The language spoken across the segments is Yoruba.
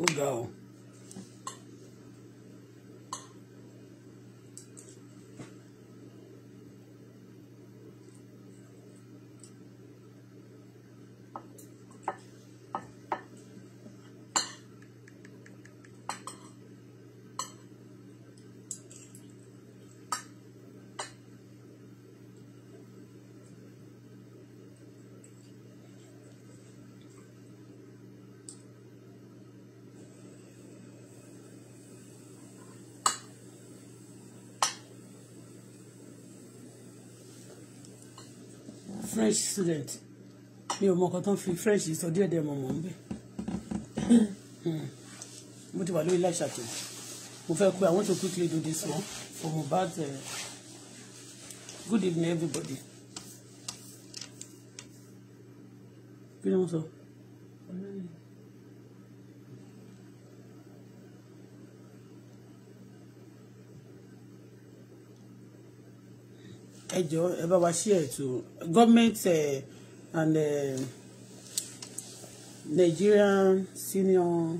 We'll go. french student mi ò mọ nǹkan tó ń fi french sọ díẹ̀ díẹ̀ mọ̀ mọ̀ ń bẹ̀ mo ti wà lórí láì ṣàtúnṣe mo fẹ́ pé I want to quickly do this one for Mohbad uh, good evening everybody kí ni wọ́n sọ. ẹ jọ ẹ bá wa ṣí ètò government uh, and uh, Nigerian senior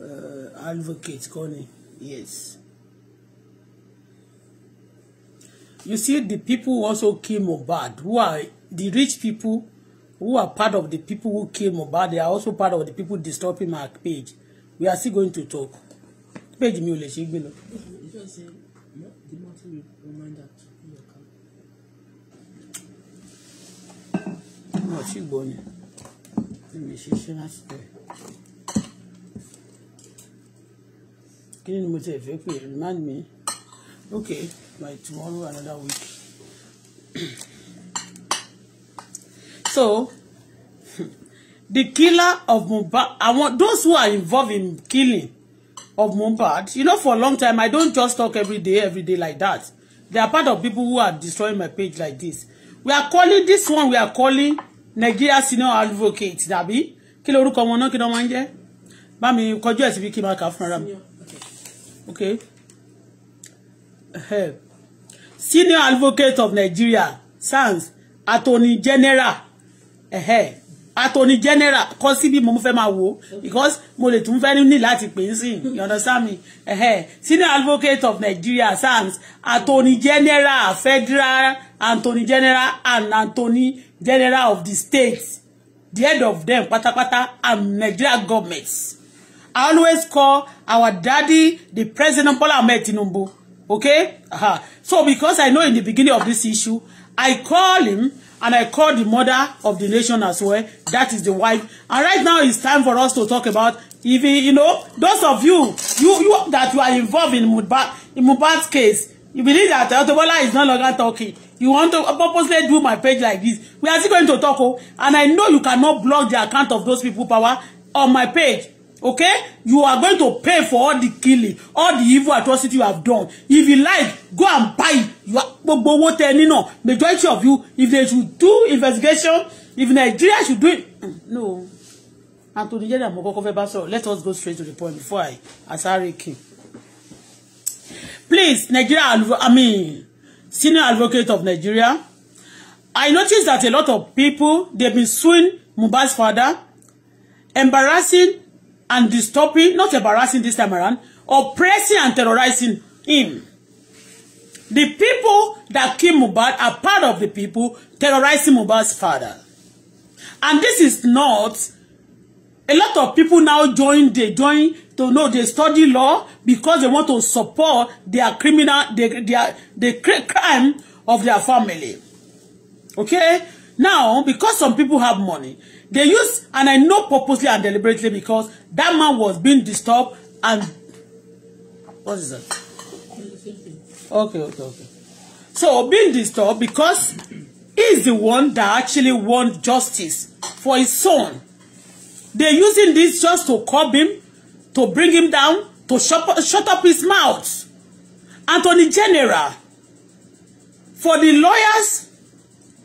uh, advocate kọ́ ni yes. You see the people who also kill Mohbad who are the rich people who are part of the people who kill Mohbad they are also part of the people disturbing my page we are still going to talk page mi ò lè ṣe gbé lọ. the matter will remind mo ti gbọ́ ni mi ṣiṣẹ́ láti bẹ̀rẹ̀ kí ni mo ti fẹ́ pè remind me okay my tomorrow another week so the killer of Mohbad want those who are involved in killing of Mohbad you know for a long time I don't just talk every day every day like that they are part of people who are destroying my page like this we are calling this one we are calling Nigeria senior advocate dàbí kí ló orúkọ wọn náà kí ló máa ń jẹ́ bá mi kọjú ẹ̀ síbi kí n máa kà fúnra mi okay senior advocate of Nigeria SAN attorney general. Uh, attorney general kọ síbi mo fẹ́ máa wo, because mo lè tún fẹ́ ní láti pè é you understand me eh, senior advocate of Nigeria SANS attorney general federal attorney general and attorney general of the states the head of them pátápátá and Nigeria governments I always call our daddy the president Paul Ahmed okay uh -huh. so because I know in the beginning of this issue I call him and I call the mother of the nation as well. That is the wife. And right now it's time for us to talk about if you know those of you you you that you are involved in Mohbad in Mohbad's case. You believe that Auto is no longer talking. You want to purposely do my page like this. We are still going to talk, oh, and I know you cannot block the account of those people power on my page Okay? You are going to pay for all the killing, all the evil atrocity you have done. If you like, go and buy. You are gbogbo owó tẹ náà. Majority of you, if they should do investigation, if Nigeria should do it. Mm, no. Anthony Jeda Mokoko Febaso, let us go straight to the point before I Asari King. Please, Nigeria, I mean, senior advocate of Nigeria, I notice that a lot of people, they've been suing Mubas' father, embarrassing and disturbing, not embarrassing this time around, oppressing and terrorizing him. The people that kill Mohbad are part of the people terrorizing Mohbad's father. And this is not, a lot of people now join, they join to know they study law because they want to support their criminal, their, their, the crime of their family. Okay? Now, because some people have money, they use, and I know purposely and deliberately because that man was being disturbed and, what is that? Okay, okay, okay. So, being disturbed because he's the one that actually wants justice for his son. They're using this just to curb him, to bring him down, to shut, shut up his mouth. Anthony General, for the lawyers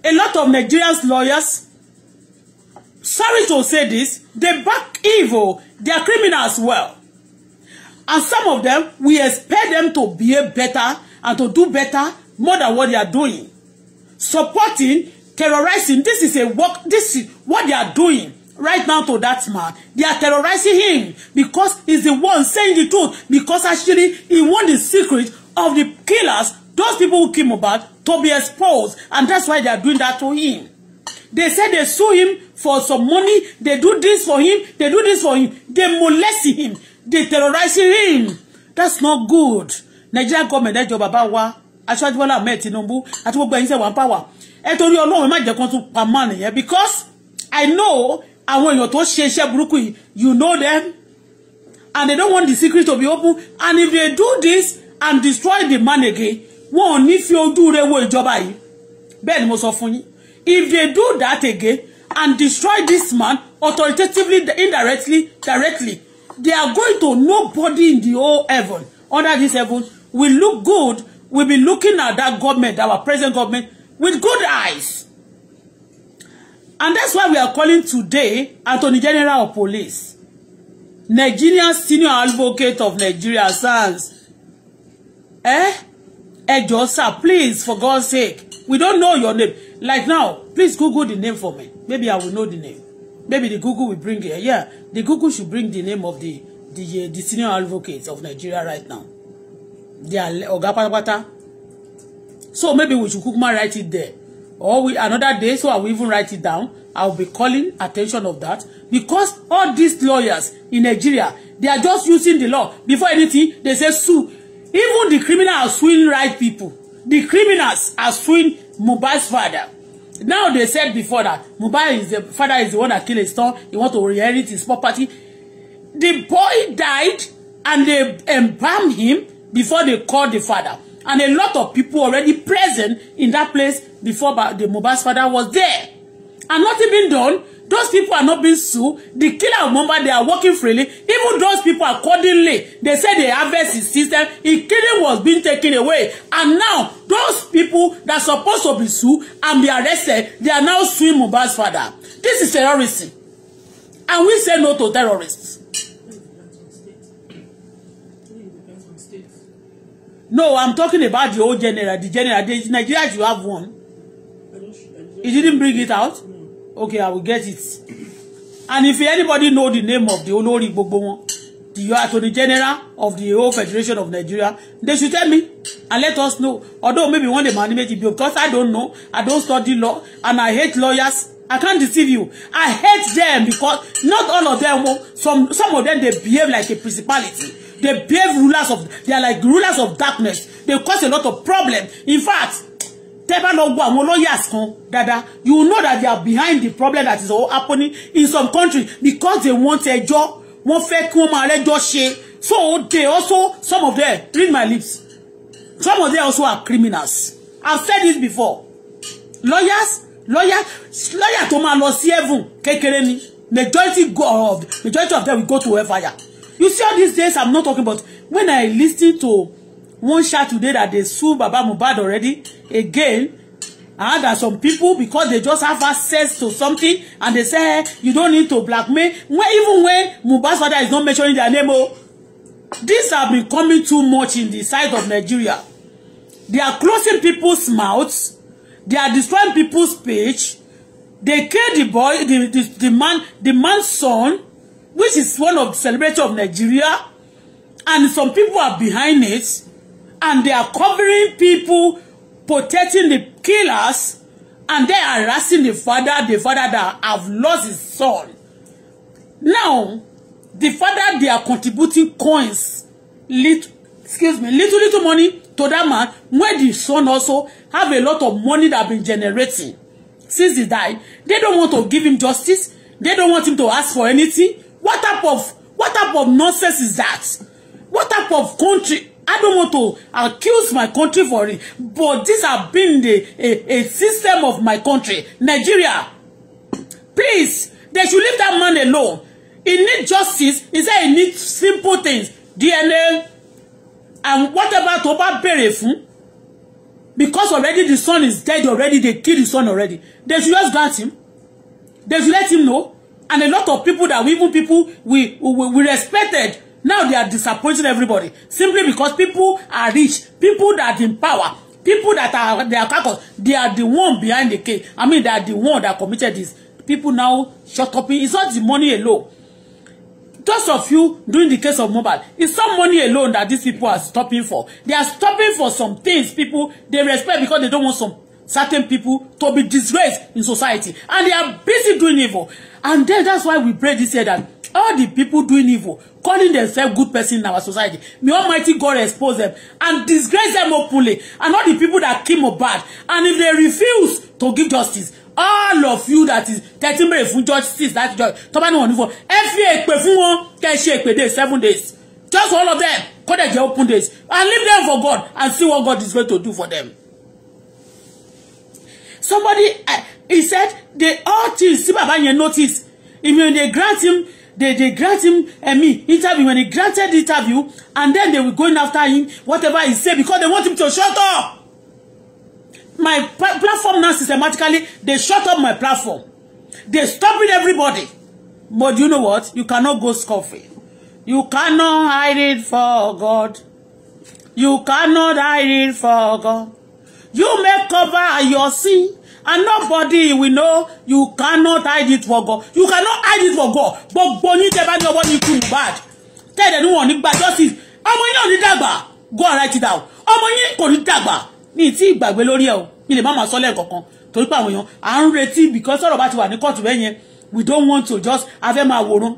a lot of Nigerians lawyers, sorry to say this, they back evil. They are criminals as well. And some of them, we expect them to behave better and to do better more than what they are doing. Supporting, terrorizing, this is a work, this is what they are doing right now to that man. They are terrorizing him because he's the one saying the truth because actually he won the secret of the killers Those people who came about to be exposed, and that's why they are doing that to him. They say they sue him for some money. They do this for him. They do this for him. They molest him. They terrorizing him. That's not good. Nigerian government ẹjọ bàbá wa Aṣíwájú Bọ́lá Ahmed Tinubu àti gbogbo ẹ̀yin one power ẹ torí Ọlọ́run má jẹ́ kan tún pa mọ́ nìyẹn because I know àwọn èèyàn tó ṣe iṣẹ́ burúkú yìí you know them and they don't want the secret to be open and if they do this and destroy the man again wọn ò ní fi ojú rẹ wo ìjọba yìí bẹ́ẹ̀ ni mo sọ fún yín if they do that again and destroy this man authoritatively indirectly directly they are going to nobody in the whole heaven under this heaven will look good will be looking at that government our present government with good eyes and that's why we are calling today Attorney General of Police Nigerian Senior Advocate of Nigeria SANS eh ẹ sir please for God's sake we don't know your name like now please google the name for me maybe I will know the name maybe the google will bring it yeah the google should bring the name of the the uh, the senior advocate of Nigeria right now they are ọ̀gá so maybe we should kukuma write it there or we another day so I will even write it down I will be calling attention of that because all these lawyers in Nigeria they are just using the law before anything they say sue Even the criminals are suing right people. The criminals are suing Mohbad's father. Now they said before that Mohbad is the father is the one that killed his son. He want to inherit his property. The boy died and they embalmed him before they called the father. And a lot of people already present in that place before the Mohbad's father was there. And nothing been done. Those people are not being sued. The killer of Mumba, they are working freely. Even those people accordingly, they said they have is system. The killing was being taken away. And now, those people that are supposed to be sued and be arrested, they are now suing Mumba's father. This is terrorism. And we say no to terrorists. No, I'm talking about the old general, the general. The Nigeria you have one. He didn't bring it out. No okay i will get it and if anybody know the name of the olórí gbogbo wọn the attorney general of the whole federation of nigeria they should tell me and let us know although maybe one day my name be because i don't know i don't study law and i hate lawyers i can't deceive you i hate them because not all of them some some of them they behave like a principality they behave rulers of they are like rulers of darkness they cause a lot of problems. in fact tẹ́ bá lọ wo àwọn lawyers kan dáadáa you know that they are behind the problem that is all happening in some country because they want ẹjọ́ wọ́n fẹ́ kí wọ́n máa rẹ́jọ́ ṣe so they also some of them read my lips some of them also are criminals I've said this before lawyers lawyer lawyer tó máa lọ sí heaven kékeré ni majority go of majority of them will go to fire. you see all these days I'm not talking about when I listen to one shot today that they sue Baba Mubad already again and that some people because they just have access to something and they say you don't need to blackmail when even when Mohbad's father is not mentioning their name oh this have been coming too much in the side of Nigeria they are closing people's mouths they are destroying people's speech they kill the boy the, the, the man the man's son which is one of the celebrity of Nigeria and some people are behind it and they are covering people, protecting the killers, and they are harassing the father, the father that have lost his son. Now, the father, they are contributing coins, little, excuse me, little, little money to that man, where the son also have a lot of money that have been generating since he died. They don't want to give him justice. They don't want him to ask for anything. What type of, what type of nonsense is that? What type of country? I don't want to accuse my country for it, but this has been the a, a system of my country, Nigeria. Please, they should leave that man alone. He need justice. He said he need simple things, DNA, and whatever tó bá Because already the son is dead already, they killed the son already. They should just grant him. They should let him know. And a lot of people that we even people we we, we respected Now they are disappointing everybody simply because people are rich, people that in power, people that are their carcass, they are the one behind the case. I mean, they are the one that committed this. People now shut up. It's not the money alone. Those of you doing the case of mobile, it's not money alone that these people are stopping for. They are stopping for some things people they respect because they don't want some certain people to be disgraced in society. And they are busy doing evil. And then that's why we pray this year that all the people doing evil calling themselves good person in our society may almighty god expose them and disgrace them openly and all the people that kill bad, and if they refuse to give justice all of you that is thirty mere fún justice that judge tó bá ní wọn ní fún ẹ fi èpè wọn kẹ ṣe èpè day seven days just all of them call dẹ̀ jẹ́ open days and leave them for god and see what god is going to do for them. somebody uh, he said they all things see baba yẹn notice if you dey grant him they, they grant him I eh, mean interview when he granted interview and then they were going after him whatever he said because they want him to shut up my platform now systematically they shut up my platform they stopping everybody but you know what you cannot go scot you cannot hide it for God you cannot hide it for God you may cover your sin and nobody will know you cannot hide it for God you cannot hide it for God gbogbo yín tẹ́ bá ní ọwọ́ ní ikú Mohbad tẹ́ẹ̀dẹ̀ ní wọn ní gba justice ọmọ yín náà ní go and write it down ọmọ yín kò ní dàgbà ní ìtí ìgbàgbé lórí ẹ o mi lè má máa sọ lẹ́ẹ̀kọ̀kan torí pé àwọn èèyàn à ń retí because ọ̀rọ̀ bá ti wà ní court bẹ́ẹ̀ yẹn we don't want to just have máa wòran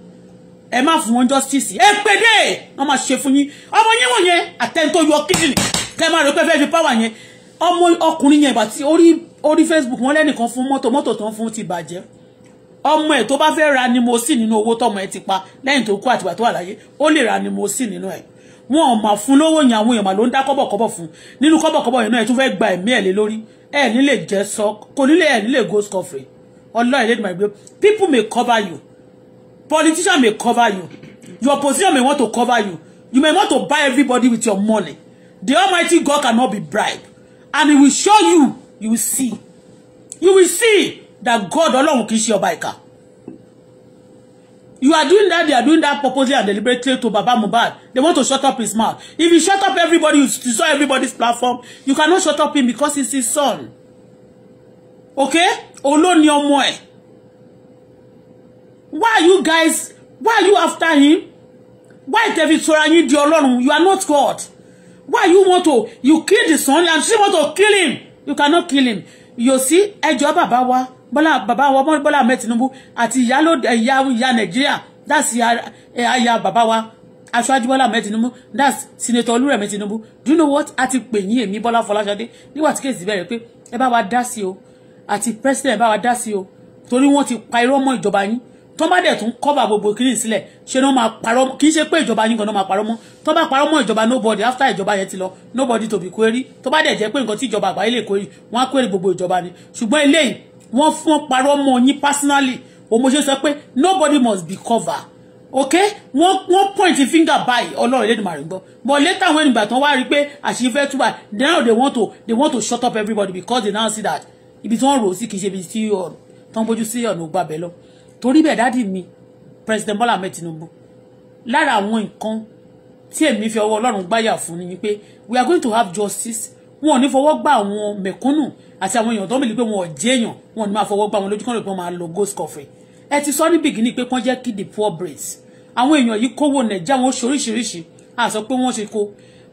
ẹ má fún wọn justice ẹ pé dé wọn máa ṣe fún yín ọmọ yín wọ̀nyẹn àtẹni tó yọ kíndìnrín tẹ máa rò pé fẹ́ fi power yẹn ọmọ ọkùnrin yẹn ìgbà tí orí orí Facebook wọ́n lẹ́nìkan fún mọ́tò mọ́tò tó ń fún ti bàjẹ́ ọmọ ẹ̀ tó bá fẹ́ ra ni mo sì nínú owó tọmọ ẹ̀ ti pa lẹ́yìn tó kú àtìgbà tó wà láyé ó lè ra ni mo sì nínú ẹ̀ wọn ò mà fún lówó yẹn àwọn èèyàn mà ló ń dá kọ́bọ̀kọ́bọ̀ fún nínú kọ́bọ̀kọ́bọ̀ yẹn náà ẹ̀ tún fẹ́ gba ẹ̀mí ẹ̀ lé lórí ẹ̀ nílé jẹ́ sọ kò nílé ẹ̀ nílé go scoffrey ọlọ́ọ̀ ilé ìdìbò people may cover you politicians may cover you your position may want to cover you you may want to buy everybody with your money the almighty God cannot be bribed and he will show you you will see you will see that God ọlọ́run kì í ṣe ọba ìkà you are doing that they are doing that purposely and deliberately to Baba Mohbad they want to shut up his mouth if you shut up everybody you destroy everybody's platform you cannot shut up him because he's his son okay olóni ọmọ ẹ why you guys why you after him why david sora di ọlọ́run you are not God why you want to you kill the son and she want to kill him you cannot kill him you see ẹjọ́ bàbá wa bọ́lá bàbá wa bọ́lá ahmed tinubu àti ìyálò ẹ̀yà ìyá nàìjíríà that's ẹ̀yà eh, bàbá wa aṣáájú bọ́lá ahmed tinubu that's senator olúrẹ̀mí tinubu do you know what a ti pè yín èmi bọ́lá fọláṣadé nígbà tí kéèsì bẹ̀rẹ̀ pé ẹ bá wa dá sí o àti president ẹ bá wa dá sí o torí wọ́n ti pa irọ́ mọ́ ìjọba yín tó bá dẹ̀ tún cover gbogbo kiri sílẹ̀ ṣe ni máa parọ́ kì í ṣe pé ìjọba yín gan-an máa parọ́ mọ́ tó bá parọ́ mọ́ ìjọba nobody after ìjọba yẹn ti lọ nobody to be query tó bá dẹ̀ jẹ́ pé nǹkan tí ìjọba àgbáyé lè query wọ́n á query gbogbo ìjọba ni ṣùgbọ́n eléyìí wọ́n fún parọ́ mọ́ yín personally òun sọ pé nobody must be covered okay wọ́n wọ́n point finger by. ọlọ́run lẹ́nu màrí gbọ́ but later when ìgbà tán wá rí pé àṣírí fẹ́ túbà now they want to they want to shut up everybody because they now see that ibi tí wọ́n rò sí kì í ṣe ibi tí ọ̀nà tán bójú sí ọ̀nà ògbà bẹ́ẹ̀ lọ torí bẹ́ẹ̀ dádì mi president Bọ́lá Ahmed Tinubu lára àwọn nǹkan tí èmi fi ọwọ́ Ọlọ́run gbáyà fún ni pé we are going to have justice wọn ò ní fọwọ́ gbà àwọn mẹ̀kúnnù àti àwọn èèyàn tó ń bèèrè pé wọn ò jẹ́yàn wọn ò ní máa fọwọ́ gbà wọn lójú kan lè pọ́n máa lọ ghost coffee ẹ ti sọ ní bìgínì pé kán jẹ́ kí the poor breeds àwọn èèyàn yìí kówó nàìjíríà wọn ṣoríṣiríṣi àsọ pé wọ́n ṣe kó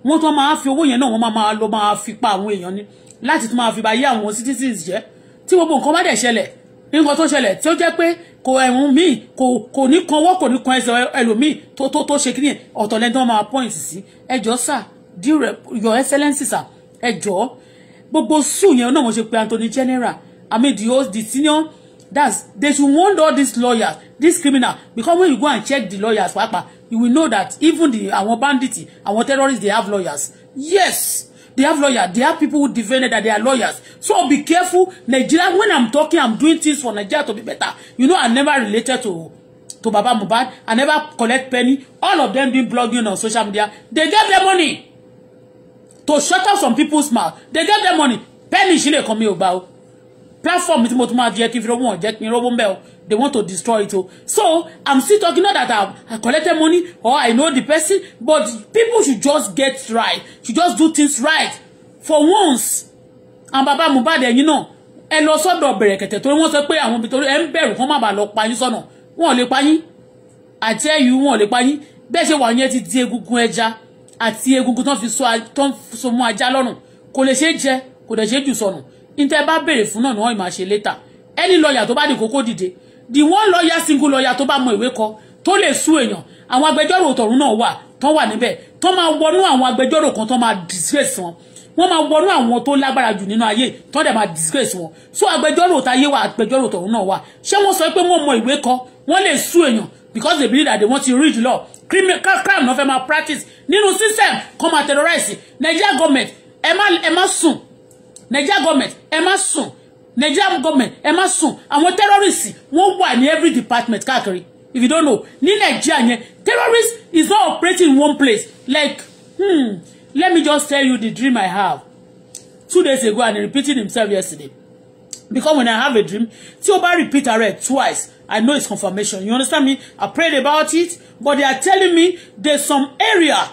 wọ́n tó máa fi owó yẹn náà wọ́n máa lọ máa fi pa àwọn èèyàn ni láti tún máa fi bá yé àwọn citizens jẹ́ tí gbogbo nǹkan bá dẹ̀ ṣẹlẹ̀ nǹkan tó ṣẹlẹ̀ tí ó jẹ́ pé kò ẹ̀hún míì kò kò ní kan ọwọ́ kò ní kan ẹsẹ̀ ẹlòmíì tó tó tó ṣe kíni ọ̀tọ̀ lẹ́ni tó máa point sí ẹjọ́ sà dear your excellency sà ẹjọ́ gbogbo sùn yẹn náà mo ṣe pé Anthony General I mean the host the senior that's they should warn all these lawyers these criminal because when you go and check the lawyers papa you will know that even the àwọn bandits àwọn terrorists they have lawyers yes They have lawyers. They have people who defended that they are lawyers. So be careful. Nigeria, when I'm talking, I'm doing things for Nigeria to be better. You know, I never related to to Baba Mubad. I never collect penny. All of them doing blogging on social media. They get their money to shut up some people's mouth. They get their money. Penny, she didn't come here about platform tí mo tún máa jẹ́ kí n fi rówó hàn jẹ́ kí they want to destroy it so i'm still talking not that I've, i collected money or i know the person but people should just get right should just do things right for once and baba Mohbad you know and also sọ́dọ̀ Bẹ̀rẹ̀kẹ̀tẹ̀ torí wọ́n sọ pé àwọn ibi be told ń bẹ̀rù kán má bàa lọ pa yín sọ́nà wọn I tell you one àti ẹ̀yù one ò lè pa yín bẹ́ẹ̀ ṣe wà yẹn ti di egungun ẹja àti egungun tó so mú ajá lọ́rùn kò lè ṣe é jẹ kò lè ṣe níta bá béèrè fún náà ni wọ́n máa ṣe létà ẹni lọ́ọ̀yà tó bá di kókó dìde the one lawyer single lawyer tó bá mọ ìwé kọ tó lè sú èèyàn àwọn agbẹjọ́rò tọ̀run náà wà tán wà níbẹ̀ tán máa wọnú àwọn agbẹjọ́rò kan tán máa disgrace wọn wọ́n máa wọnú àwọn tó lágbára jù nínú ayé tán dẹ̀ máa disgrace wọn so agbẹjọ́rò táyé wà agbẹjọ́rò tọ̀run náà wà ṣé wọ́n sọ pé wọ́n mọ ìwé kọ wọ́n lè sú èèyàn because they believe that they want to read law crime crime no fẹ́ máa practice nínú system come and terrorize Nigeria government ẹ má ẹ má sùn Nigeria government ẹ má sùn Nigeria government ẹ má sùn àwọn terrorists wọ́n wà ní every department káàkiri if you don't know ní Nigeria yẹn terrorist is not operating in one place like hmm, let me just tell you the dream I have two days ago and he repeated himself yesterday because when I have a dream tí o bá repeat ara ẹ twice I know it's confirmation you understand me I prayed about it but they are telling me there's some area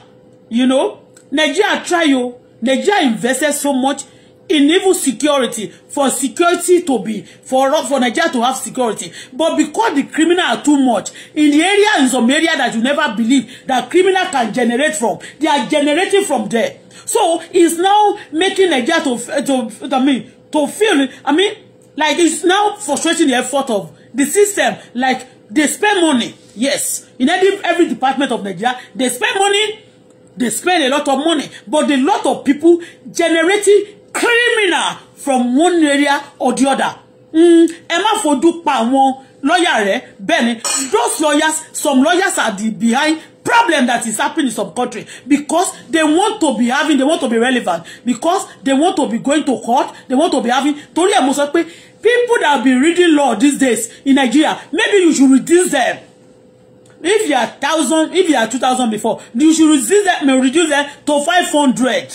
you know Nigeria try o Nigeria invested so much in security for security to be for for Nigeria to have security but because the criminal are too much in the area in some area that you never believe that criminal can generate from they are generating from there so it's now making Nigeria to to, I mean to feel I mean like it's now frustrating the effort of the system like they spend money yes in every every department of Nigeria they spend money they spend a lot of money but a lot of people generating criminal from one area or the other hmm, ẹ má fojú pa àwọn lọ́yà rẹ̀ bẹ́ẹ̀ ni those lawyers some lawyers are the behind problem that is happening in some country because they want to be having they want to be relevant because they want to be going to court they want to be having torí ẹ̀ mo people that be reading law these days in Nigeria maybe you should reduce them if you are thousand if you are two thousand before you should reduce them reduce them to five hundred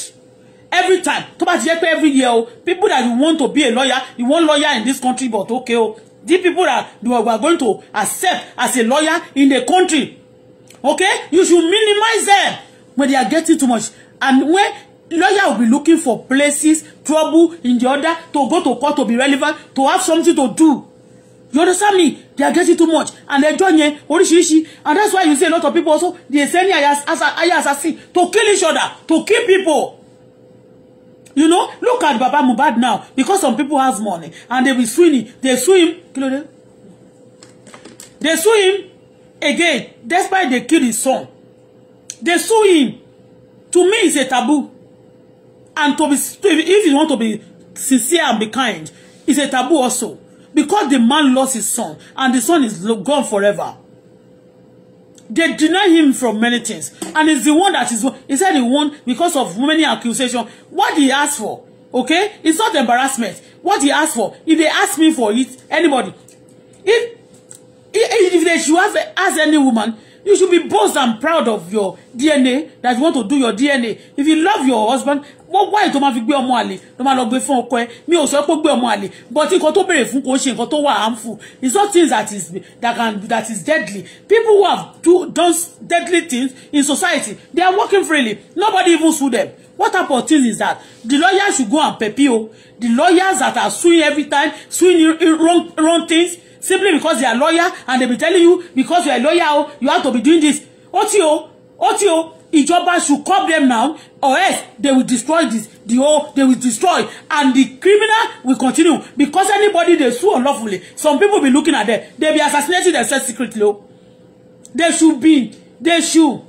every time tó bá ti jẹ́ pé every year o people that you want to be a lawyer you want lawyer in this country but okay o the people that you are going to accept as a lawyer in the country okay you should minimize them when they are getting too much and when lawyer will be looking for places trouble in the order to go to court to be relevant to have something to do you understand me they are getting too much and ẹjọ́ yẹn oríṣiríṣi and that's why you see a lot of people also dey send higher assassin to kill each other to kill people You know, look at Baba Mohbad now because some people has money and they be sue They sue him. Kí ló They sue him again despite they kill his son. They sue him. To me, is a taboo. And to be, if you want to be sincere and be kind, is a taboo also. Because the man lost his son and the son is gone forever they deny him from many things and it's the one that is he said he won because of many accusations? what he asked for okay it's not embarrassment what he asked for if they ask me for it anybody if if, they should have asked any woman you should be bold and proud of your DNA that you want to do your DNA if you love your husband wọ́n wá ètò máa fi gbé ọmọ àlè ló máa lọ gbé fún ọkọ ẹ mi ò sọ pé gbé ọmọ àlè but nǹkan tó béèrè fún kò ṣe nǹkan tó wà harmful it's not things that is that can that is deadly people who have do, done deadly things in society they are working freely nobody even sue them what about things is that the lawyers should go and pepe o the lawyers that are suing every time suing wrong wrong things simply because they are lawyer and they be telling you because you are lawyer o oh, you have to be doing this o ti o ó ti o ìjọba should cop them now or else they will destroy this the whole they will destroy and the criminal will continue because anybody they sue unlawfully some people be looking at them they be assassinating themselves secretly Oh, they should be they should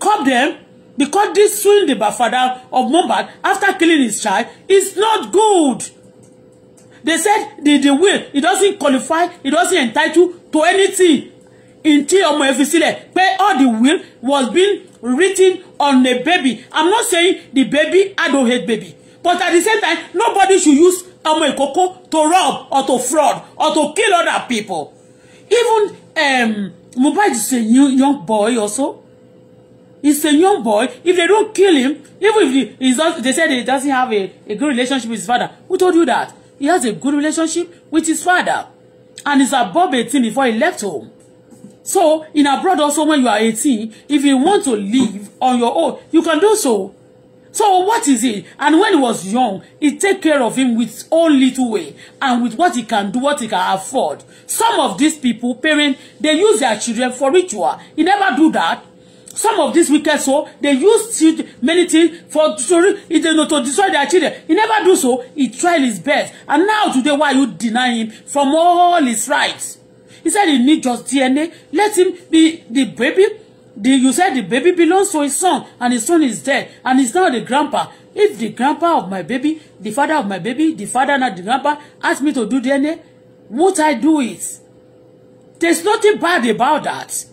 cop them because this suing the father of Mumbai after killing his child is not good they said the the will it doesn't qualify it doesn't entitle to anything In ọmọ ẹ fi sílẹ̀ pé all the will was being written on the baby i'm not saying the baby i don't hate baby but at the same time nobody should use ọmọ ìkókó to rob or to fraud or to kill other people even um, Mohbad is a new young boy also he's a young boy if they don't kill him even if he, he's they said he doesn't have a, a good relationship with his father who told you that he has a good relationship with his father and he's above 18 before he left home So in abroad also when you are 18, if you want to live on your own, you can do so. So what is it? And when he was young, he take care of him with all little way and with what he can do, what he can afford. Some of these people, parents, they use their children for ritual. He never do that. Some of these wicked soul, they use many things for sorry, it, you know, to destroy their children. He never do so. He tried his best. And now today, why you deny him from all his rights? He said he need just DNA. Let him be the baby. The, you said the baby belongs to his son and his son is dead and he's now the grandpa. If the grandpa of my baby, the father of my baby, the father not the grandpa, ask me to do DNA, what I do is There's nothing bad about that.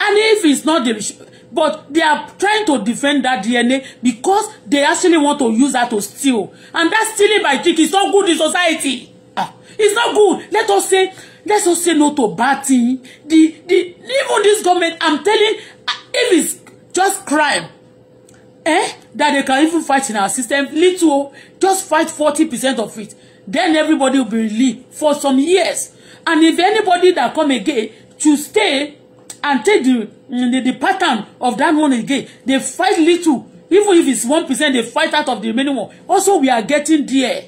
And if it's not the... But they are trying to defend that DNA because they actually want to use that to steal. And that stealing by trick is not good in society. Ah, it's not good. Let us say let's not say no to bad thing the the even this government i'm telling uh, if it's just crime eh that they can even fight in our system little just fight forty percent of it then everybody will be relieved for some years and if anybody that come again to stay and take the mm, the, the pattern of that one again they fight little even if it's one percent they fight out of the remaining one also we are getting there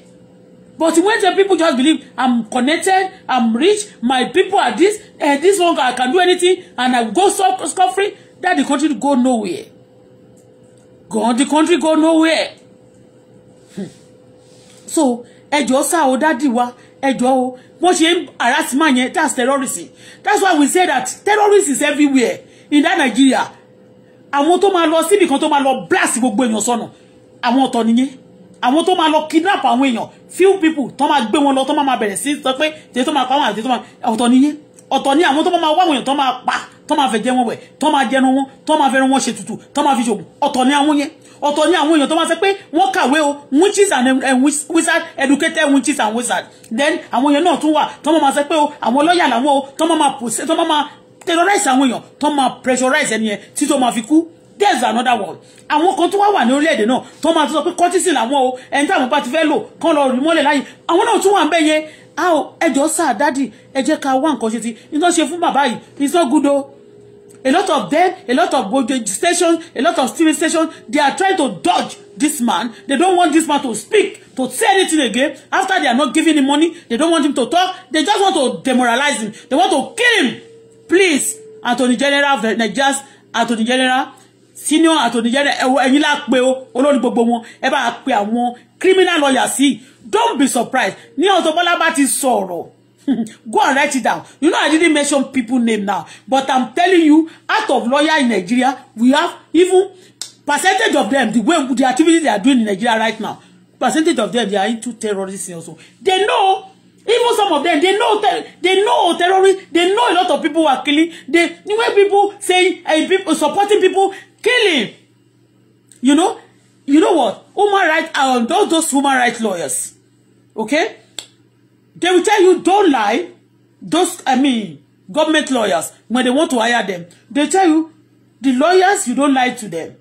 But when the people just believe I'm connected, I'm rich, my people are this, and this one I can do anything, and I go scot so, free, that the country go nowhere. God, the country go nowhere. Hmm. So, ẹjọ́ sá o dádì wa ẹjọ́ o wọ́n ṣe ń harassment yẹn that's terrorism that's why we say that terrorism is everywhere in that Nigeria àwọn tó máa lọ síbì kan tó máa lọ blast gbogbo èèyàn sọnù àwọn ọ̀tọ̀ nìyẹn àwọn tó máa lọ kidnap àwọn èèyàn few people tó máa gbé wọn lọ tó máa bẹ̀rẹ̀ sí sọ pé tètè tó máa pa wọn àti tó máa ọ̀tọ̀ nìyẹn ọ̀tọ̀ ni àwọn tó máa wá àwọn èèyàn tó máa pa tó máa fẹ́ jẹ wọn wẹ̀ tó máa jẹnu wọn tó máa fẹ́ràn wọn ṣe tutù tó máa fi ṣògùn ọ̀tọ̀ ni àwọn yẹn ọ̀tọ̀ ni àwọn èèyàn tó máa sọ pé wọ́n kàwé o witches and wizards educated witches and wizards then àwọn èèyàn náà tún wà tó máa sọ pé o àwọn lọ́ọ̀yà làwọn o tó máa terrorize àwọn èèyàn tó máa pressurize ẹni yẹn tí máa fi kú there's another one àwọn kan tó wá wà ní orílẹ̀-èdè náà tó máa tó sọ pé cortisone làwọn o ẹni táwọn bá ti fẹ́ lò kán lọ rí mọ́lẹ̀ láyé àwọn náà tún wà ń bẹ́ yẹn a ò ẹjọ́ sáà dádì ẹ jẹ́ ká wá nǹkan ṣe ti iná ṣe fún bàbá yìí iná gudo a lot of them a lot of stations a lot of TV stations they are trying to dodge this man they don't want this man to speak to say anything again after they are not giving him money they don't want him to talk they just want to demoralize him they want to kill him please Attorney General of Nigeria's Attorney General senior attorney general ẹ̀yin la pè ó olórí gbogbo wọn ẹ bá pe àwọn criminal lawyer sí don't be surprised ní ọ̀tọ̀ bọ́lá bá ti sọ̀rọ̀ go and write it down you know i didn't mention people name now but i'm telling you out of lawyer in nigeria we have even percentage of them the way the activities they are doing in nigeria right now percentage of them they are into terrorism also they know even some of them they know ter they know terrorists they know a lot of people who are killing they when people saying hey, people supporting people Killing, You know, you know what? Human rights, um, those, those human rights lawyers, okay? They will tell you, don't lie. Those, I mean, government lawyers, when they want to hire them, they tell you, the lawyers, you don't lie to them.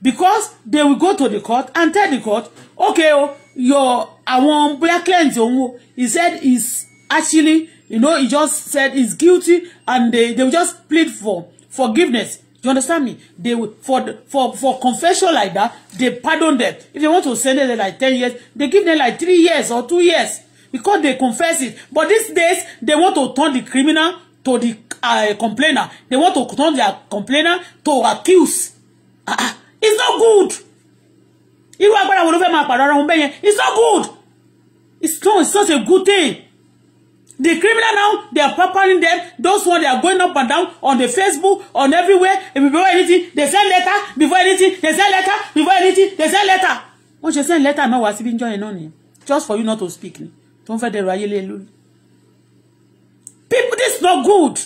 Because they will go to the court and tell the court, okay, oh, your, àwọn bóyá client òun he said he's actually, you know, he just said he's guilty and they, they will just plead for forgiveness you understand me they for for for confession like that they pardon them if they want to send them like ten years they give them like three years or two years because they confess it but these days they want to turn the criminal to the uh, complainer they want to turn their complainer to accuse ah ah it's not good it's not good it's not it's not a good thing The criminal now, they are pampering them. Those one, they are going up and down on the Facebook, on everywhere. And before anything, they send letter. Before anything, they send letter. Before anything, they send letter. When ṣe send letter náà wá even ń jọyìn Just for you not to speak Don't forget the fẹ́ People, this is not good.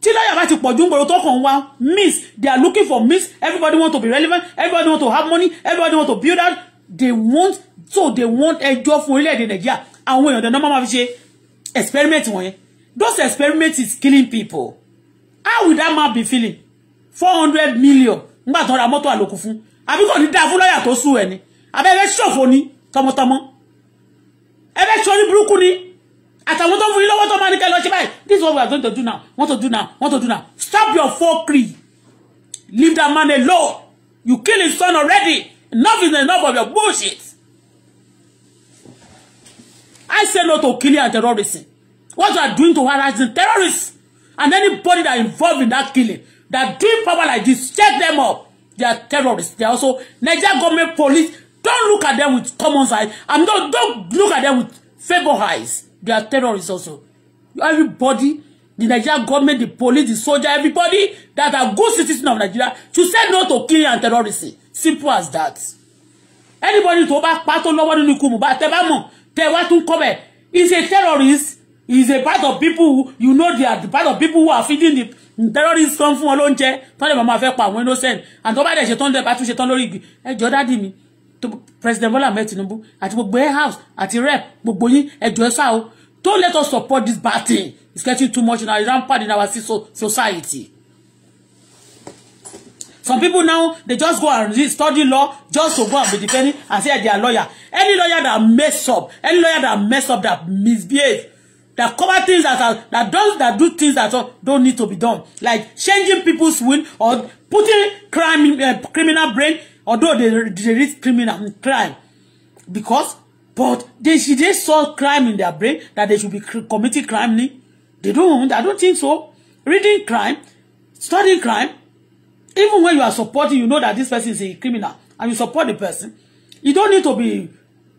Tí lọ́yà bá ti pọ̀jù ń gbòòrò tó kàn wá miss. They are looking for miss. Everybody want to be relevant. Everybody want to have money. Everybody want to build out. They want so they want ẹjọ́ fún orílẹ̀-èdè Nàìjíríà àwọn èèyàn dáná máa fi ṣe experiment wọ̀nyẹn those experiments is killing people how will that man be feeling four hundred million ńgbà tó ra mọ́tò àlòkù fún àbí kò ní dáa fún lọ́ọ̀yà tó sùn ẹ̀ ni abẹ́rẹ́ ṣòfò ni tọmọtọmọ ẹbẹ́ ṣorí burúkú ni àtàwọn tó ń fún yín lọ́wọ́ tó máa ní kẹ́ lọ ṣe báyìí this is what we are going to do now want to do now want to do now stop your forkery leave that man alone you kill his son already enough is enough of your bullshit I say no to killing and terrorism. What you are doing to harassing terrorists and anybody that involved in that killing, that doing power like this, check them up. They are terrorists. They are also Nigerian government police. Don't look at them with common eyes. I'm not, don't look at them with favor eyes. They are terrorists also. Everybody, the Nigerian government, the police, the soldier, everybody that are good citizens of Nigeria should say no to killing and terrorism. Simple as that. Anybody to back, pa tó lọ́wọ́ tẹ wá to come. bẹ̀ a terrorist is a part of people who, you know they are the part of people who are feeding the terrorist tán fún wọn lóúnjẹ tán lè máa fẹ́ pa àwọn innocent and nobody bá dẹ̀ ṣe tán lẹ́ẹ̀bá tún ṣe Hey, lórí igi ẹjọ́ dádì mi president Bola Ahmed Tinubu at the air house àti rep gbogbo yín ẹjọ́ sá don't let us support this bad thing it's getting too much now it's rampant in our society. Some people now, they just go and study law just to go and be defending and say they are lawyer. Any lawyer that mess up, any lawyer that mess up, that misbehave, that cover things that are, that does that do things that don't need to be done, like changing people's will or putting crime uh, criminal brain, although they they read criminal crime, because but they should they saw crime in their brain that they should be committing crime. They don't. I don't think so. Reading crime, studying crime, even when you are supporting you know that this person is a criminal and you support the person you don't need to be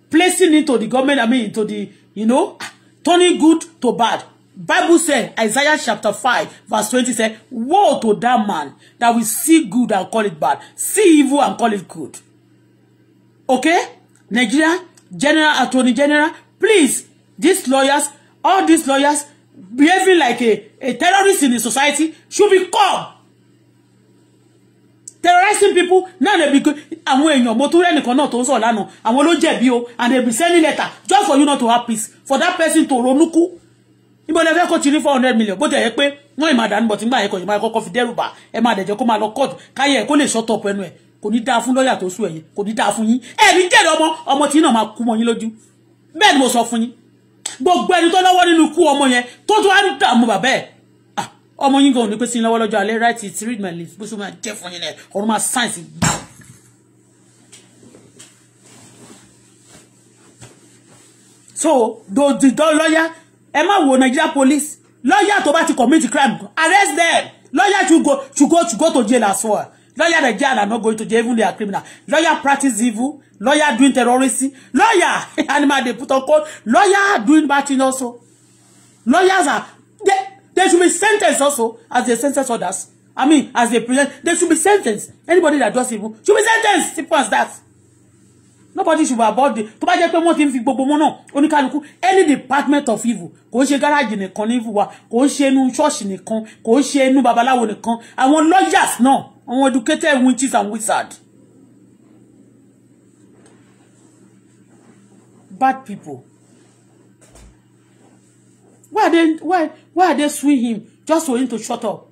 placing into the government I mean into the you know turning good to bad Bible said Isaiah chapter 5 verse 20 said woe to that man that will see good and call it bad see evil and call it good okay Nigeria general attorney general please these lawyers all these lawyers behaving like a, a terrorist in the society should be called terrorizing people now they be àwọn èèyàn mo tún rẹ́nìkan náà tó ń sọ̀rọ̀ lánàá àwọn ló jẹ̀bi o and they be sending letter just for you not to have peace for that person to ronúkú níbo lẹ fẹ́ kó ti rí four hundred million bó ti yẹ pé wọ́n ì máa dànù bọ̀ tí ń gbà yẹ kọ́ ì máa kọ́kọ́ fi dẹ́rùbà ẹ máa dẹ̀jẹ̀ kó máa lọ court káyẹ̀ kó lè shut up ẹnu ẹ̀ kò ní dáa fún lọ́yà tó sú ẹ̀yìn kò ní dáa fún yín ẹ̀rí jẹ̀rẹ̀ ọmọ ọmọ tí náà máa kú mọ́ yín lójú bẹ́ẹ̀ ni mo sọ fún yín gbogbo ẹni tó lọ́wọ́ nínú ikú ọmọ yẹn tó tún á ń dààmú bàbá ẹ̀ ọmọ yín gan ò ní pé sí lọ́wọ́ lọ́jọ́ alẹ́ right it read my list. bó ṣe máa jẹ́ fún yín náà ọ̀run máa sáyẹ̀nsì gbà. so dòdìdọ́ lọ́yà ẹ má wo Nigeria police lọ́yà tó bá ti commit crime arrest them lọ́yà to go to go to go to jail as well lọ́yà Nigeria na no going to jail even their criminal lọ́yà practice evil lọ́yà doing terrorism lọ́yà animal dey put on code lọ́yà doing bad thing also lawyers are they They should be sentenced also as they sentence others. I mean, as they present, they should be sentenced. Anybody that does evil should be sentenced. Simple as that. Nobody should be about the. Tó bá jẹ́ pé wọ́n ti ń fi gbogbo wọn náà, oníkálukú, any department of evil, kò ń ṣe gáràjì nìkan ní ìwà, kò ń ṣe inú ṣọ́ọ̀ṣì nìkan, kò ń ṣe inú babaláwo nìkan, àwọn lawyers I want educated witches and wizards. Bad people. Why are why, Why are they suing him just for him to shut up?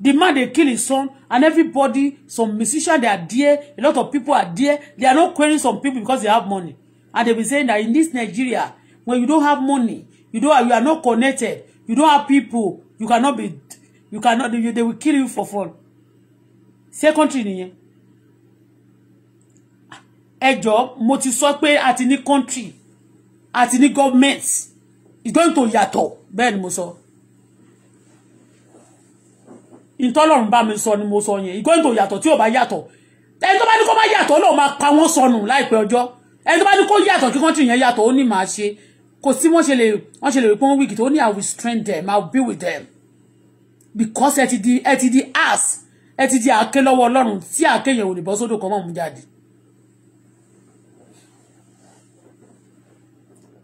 The man they kill his son and everybody, some musician, they are there, a lot of people are there. They are not querying some people because they have money. And they be saying that in this Nigeria, when you don't have money, you don't you are not connected, you don't have people, you cannot be you cannot they will kill you for fun. Secondary nìyẹn. Ẹjọ́ mo ti sọ pé a country, at any ní government ìgbóhùn tó yàtọ̀ bẹ́ẹ̀ ni mo sọ ìtọ́lọ́run bá mi sọ ni mo sọ yẹn ìgbóhùn tó yàtọ̀ tí ò bá yàtọ̀ ẹni tó bá ní kó má yàtọ̀ lóò máa pa wọ́n sọnù láìpẹ́ ọjọ́ ẹni tó bá ní kó yàtọ̀ kí kọ́ńtì yẹn yàtọ̀ ó ní màá ṣe kò sí wọ́n ṣe lè wọ́n ṣe lè rí pé wíìkì tó ní i will strengthen them i will be with them because ẹ ti di ẹ ti di ass ẹ ti di àáké lọ́wọ́ ọlọ́run tí àáké yẹn ò lè bọ́ sódò kan mọ́ mu jáde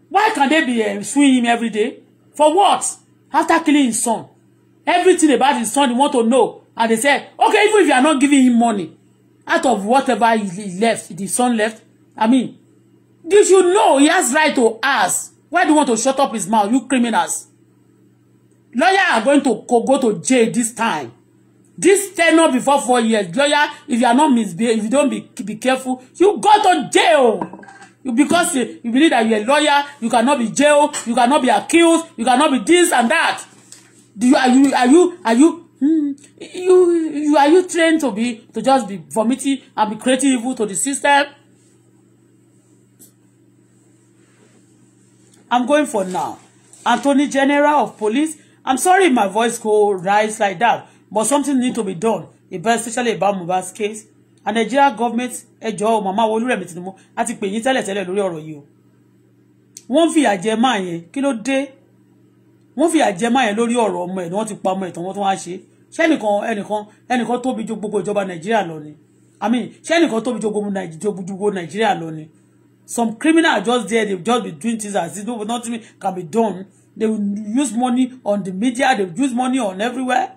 Why can they be uh, suing him every day? For what? After killing his son. Everything about his son, they want to know. And they say, okay, even if you are not giving him money, out of whatever he left, the son left, I mean, did you know he has right to ask? Why do you want to shut up his mouth, you criminals? Lawyer are going to go, go to jail this time. This tenure before four years, lawyer, if you are not misbehaving, if you don't be, be careful, you go to jail because you, believe that you're a lawyer, you cannot be jailed, you cannot be accused, you cannot be this and that. Do you are you are you are you Hmm. You, you are you trained to be to just be vomiting and be creating evil to the system? I'm going for now. Attorney General of Police. I'm sorry my voice go rise like that, but something need to be done, especially about Mohbad's case and Nigeria government ẹjọ́ o màmá Olúrẹ̀mí Tinubu a ti pè yín tẹ́lẹ̀tẹ́lẹ̀ lórí ọ̀rọ̀ yìí o wọ́n ń fìyà jẹ máa yẹn kí ló dé wọ́n fìyà jẹ máa yẹn lórí ọ̀rọ̀ ọmọ ẹ̀ ni wọ́n ti pa ọmọ ẹ̀ tán wọ́n tún wá ṣe ṣé ẹnìkan ẹnìkan ẹnìkan tóbi ju gbogbo ìjọba Nàìjíríà lọ ni I mean ṣé ẹnìkan tóbi ju gbogbo Nàìjíríà lọ ni some criminal are just there they just be doing things as if nothing can be done they will use money on the media they will use money on everywhere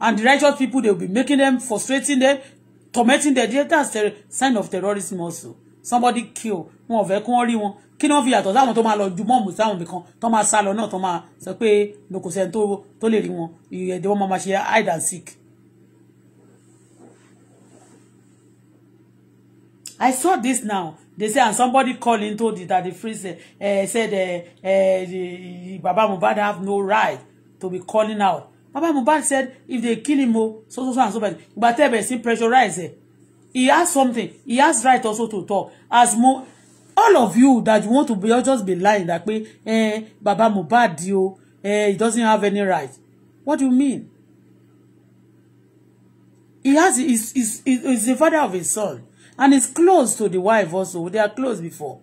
and the righteous people they will be making them frustrating them tormenting them that's the sign of terrorism also somebody kill wọn ò fẹ́ kí wọ́n rí wọn kí wọ́n fi yàtọ̀ sáwọn tó máa lọ ju mọ́ọ̀mù sáwọn nìkan tó máa sá lọ náà tó máa sọ pé nokosẹ́ni tó lè rí wọn ìyẹ̀dẹ̀ wọn máa ṣe hide and seek. I saw this now. They say, and somebody called into the that the priest uh, said, uh, uh, the, Baba Mohbad have no right to be calling out Baba Mubad said if they kill him, oh, so so so and so but but they been pressurize it. He has something. He has right also to talk. As mo all of you that you want to be just be lying that way, eh, Baba Mohbad you eh, he doesn't have any right. What do you mean? He has is is is the father of his son and he's close to the wife also. They are close before.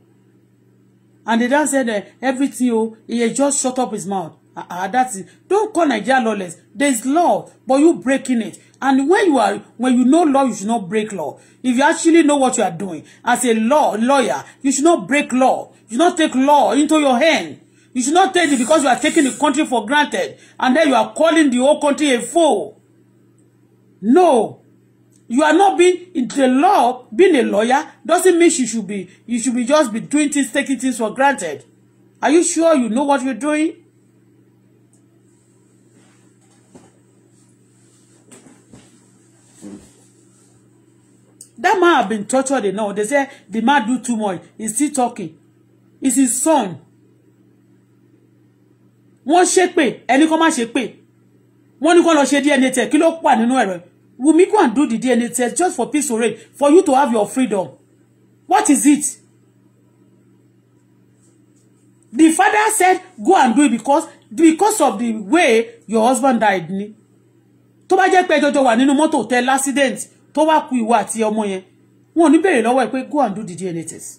And they don't say that eh, everything oh, he just shut up his mouth. Ah, uh, ah, that's it. Don't call Nigeria lawless. There's law, but you breaking it. And when you are, when you know law, you should not break law. If you actually know what you are doing, as a law lawyer, you should not break law. You should not take law into your hand. You should not take it because you are taking the country for granted, and then you are calling the whole country a fool. No, you are not being the law. Being a lawyer doesn't mean you should be. You should be just be doing things, taking things for granted. Are you sure you know what you're doing? That man have been tortured enough. They say the man do too much. He's still talking. It's his son. Wọ́n ṣépè, ẹni kan má ṣépè. Wọ́n ní kó lọ ṣe DNA test. Kí ló wà nínú ẹ̀rọ? Wunmi go and do the DNA test just for peace of reign, for you to have your freedom. What is it? The father said, go and do it because because of the way your husband died ni. Tó bá jẹ́ pé jọjọ wà nínú mọ́tò tẹ l'accident To wá ku ìwọ àti ọmọ yẹn wọn ò ní béèrè lọ́wọ́ go and do the DNA test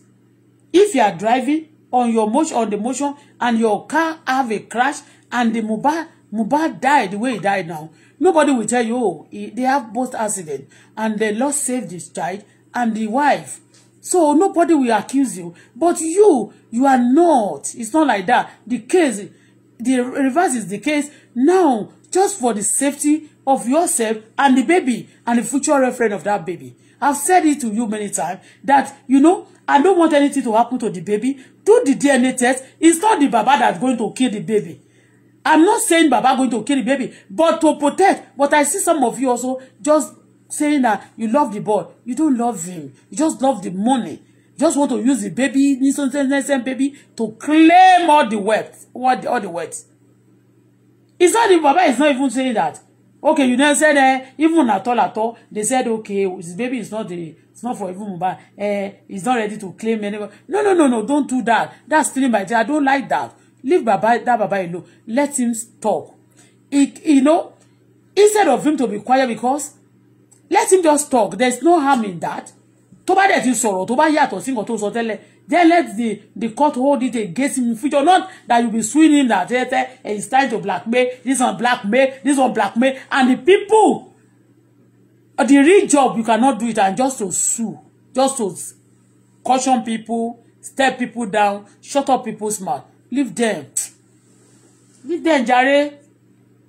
if you are driving on your motion on the motion and your car have a crash and the Mohbad Mohbad died the way he died now nobody will tell you oh they have both accident and the lost saved this child and the wife so nobody will accuse you but you you are not it's not like that the case the reverse is the case now just for the safety of yourself and the baby and the future reference of that baby. I've said it to you many times that, you know, I don't want anything to happen to the baby. Do the DNA test. It's not the Baba that's going to kill the baby. I'm not saying Baba going to kill the baby, but to protect. But I see some of you also just saying that you love the boy. You don't love him. You just love the money. You just want to use the baby, innocent baby, to claim all the wealth. All the, all the wealth. It's not the Baba is not even saying that okay you know said eh, even at all at all they said okay his baby is not the it's not for even Mohbad eh, he's not ready to claim anybody no no no no don't do that that's stealing my child I don't like that leave baba that baba alone let him talk it you know instead of him to be quiet because let him just talk there's no harm in that Toba that dẹ̀ sorrow. Toba here bá yàtọ̀ sí nǹkan tó Then let the, the court hold it against him in future. Not that you be suing him that hey, eh, eh, he's trying to blackmail, this one blackmail, this one blackmail. And the people, uh, the real job, you cannot do it and just to sue, just to caution people, step people down, shut up people's mouth. Leave them. Leave them, jare.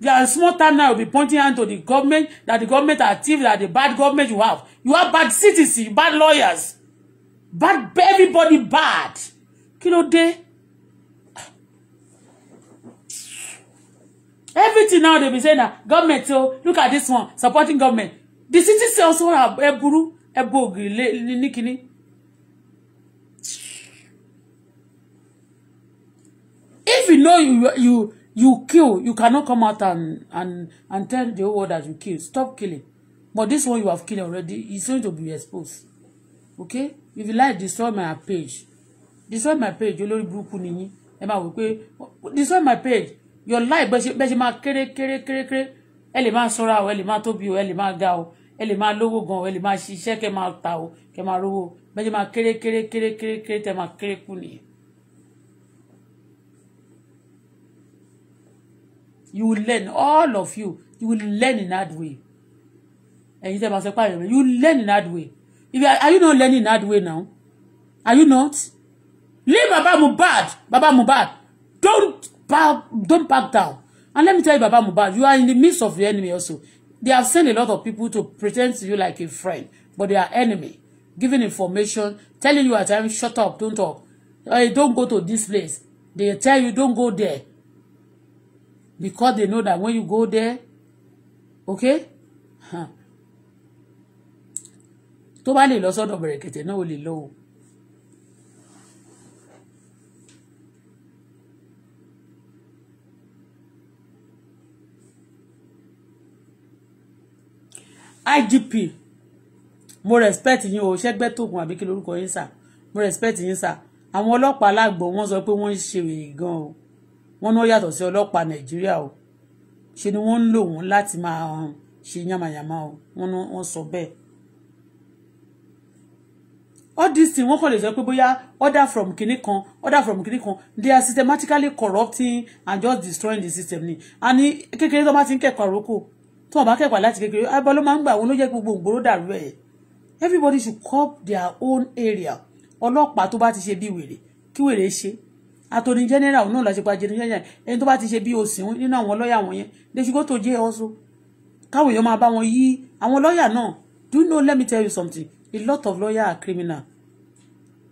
There are small time now you'll be pointing hand to the government that the government are thief, that the bad government you have. You have bad citizens, bad lawyers bad everybody bad kí ló dé everything now they be saying na government o look at this one supporting government the citizens also are ẹburu ẹbú ògiri ní kínní. if you know you you you kill you cannot come out and and and tell the whole world that you kill stop killing but this one you have killed already is going to be exposed okay if you like destroy my page destroy my page olórí burúkú nìyí ẹ máa wò pé destroy my page your life bẹ́ẹ̀ ṣe máa kéré kéré kéré kéré ẹ lè máa ṣọ́ra o ẹ lè máa tóbi o ẹ lè máa ga o ẹ lè máa lówó gan o ẹ lè máa ṣiṣẹ́ kẹ́ máa ta o kẹ́ máa rówó bẹ́ẹ̀ ṣe máa kéré kéré kéré kéré kéré tẹ́ máa kéré kú nìyẹn. you will learn all of you you will learn in that way ẹ̀yin tẹ́ máa sọ pé àyẹ̀wò you will learn in that way if you are, are you not learning that way now are you not leave baba Mubad, baba Mubad. don't back don't back down and let me tell you baba Mubad, you are in the midst of the enemy also they have sent a lot of people to pretend to you like a friend but they are enemy giving information telling you at times shut up don't talk hey don't go to this place they tell you don't go there because they know that when you go there okay huh, tó bá lè lọ sọ́dọ̀ bẹ̀rẹ̀kẹ̀tẹ̀ náà ó lè lọ o. IGP mo respect yín o ṣẹ́gbẹ́ tóògùn àbí kí lorúkọ yín sà mo respect yín sà àwọn ọlọ́pàá alágbọ̀n wọ́n sọ pé wọ́n ń ṣe wèé gan o wọ́n náà yàtọ̀ sí ọlọ́pàá Nàìjíríà o ṣe ni wọ́n ń lò wọ́n láti máa ṣe yàmàyàmà o wọ́n sọ bẹ́ẹ̀ all these things wọ́n kàn lè sọ pé bóyá order from kinní kan order from kinní kan they are systematically corrupting and just destroying the system ni and kékeré tó bá ti ń kẹ́kọ̀ọ́ àrókò tó wọn bá kẹ́kọ̀ọ́ láti kékeré abọ́ ló máa ń gbà wọn ló jẹ́ gbogbo ògbóró dàrú ẹ̀ everybody should cop their own area ọlọ́pàá tó bá ti ṣe bí wèrè kí wèrè ṣe attorney general náà láti pa general ẹni tó bá ti ṣe bí òsìn nínú àwọn lọ́ọ̀yà wọn yẹn they should go to jail also káwọn èèyàn máa bá wọn yí àwọn lọ́ọ̀yà náà do you know let me tell you something A lot of lawyers are criminal,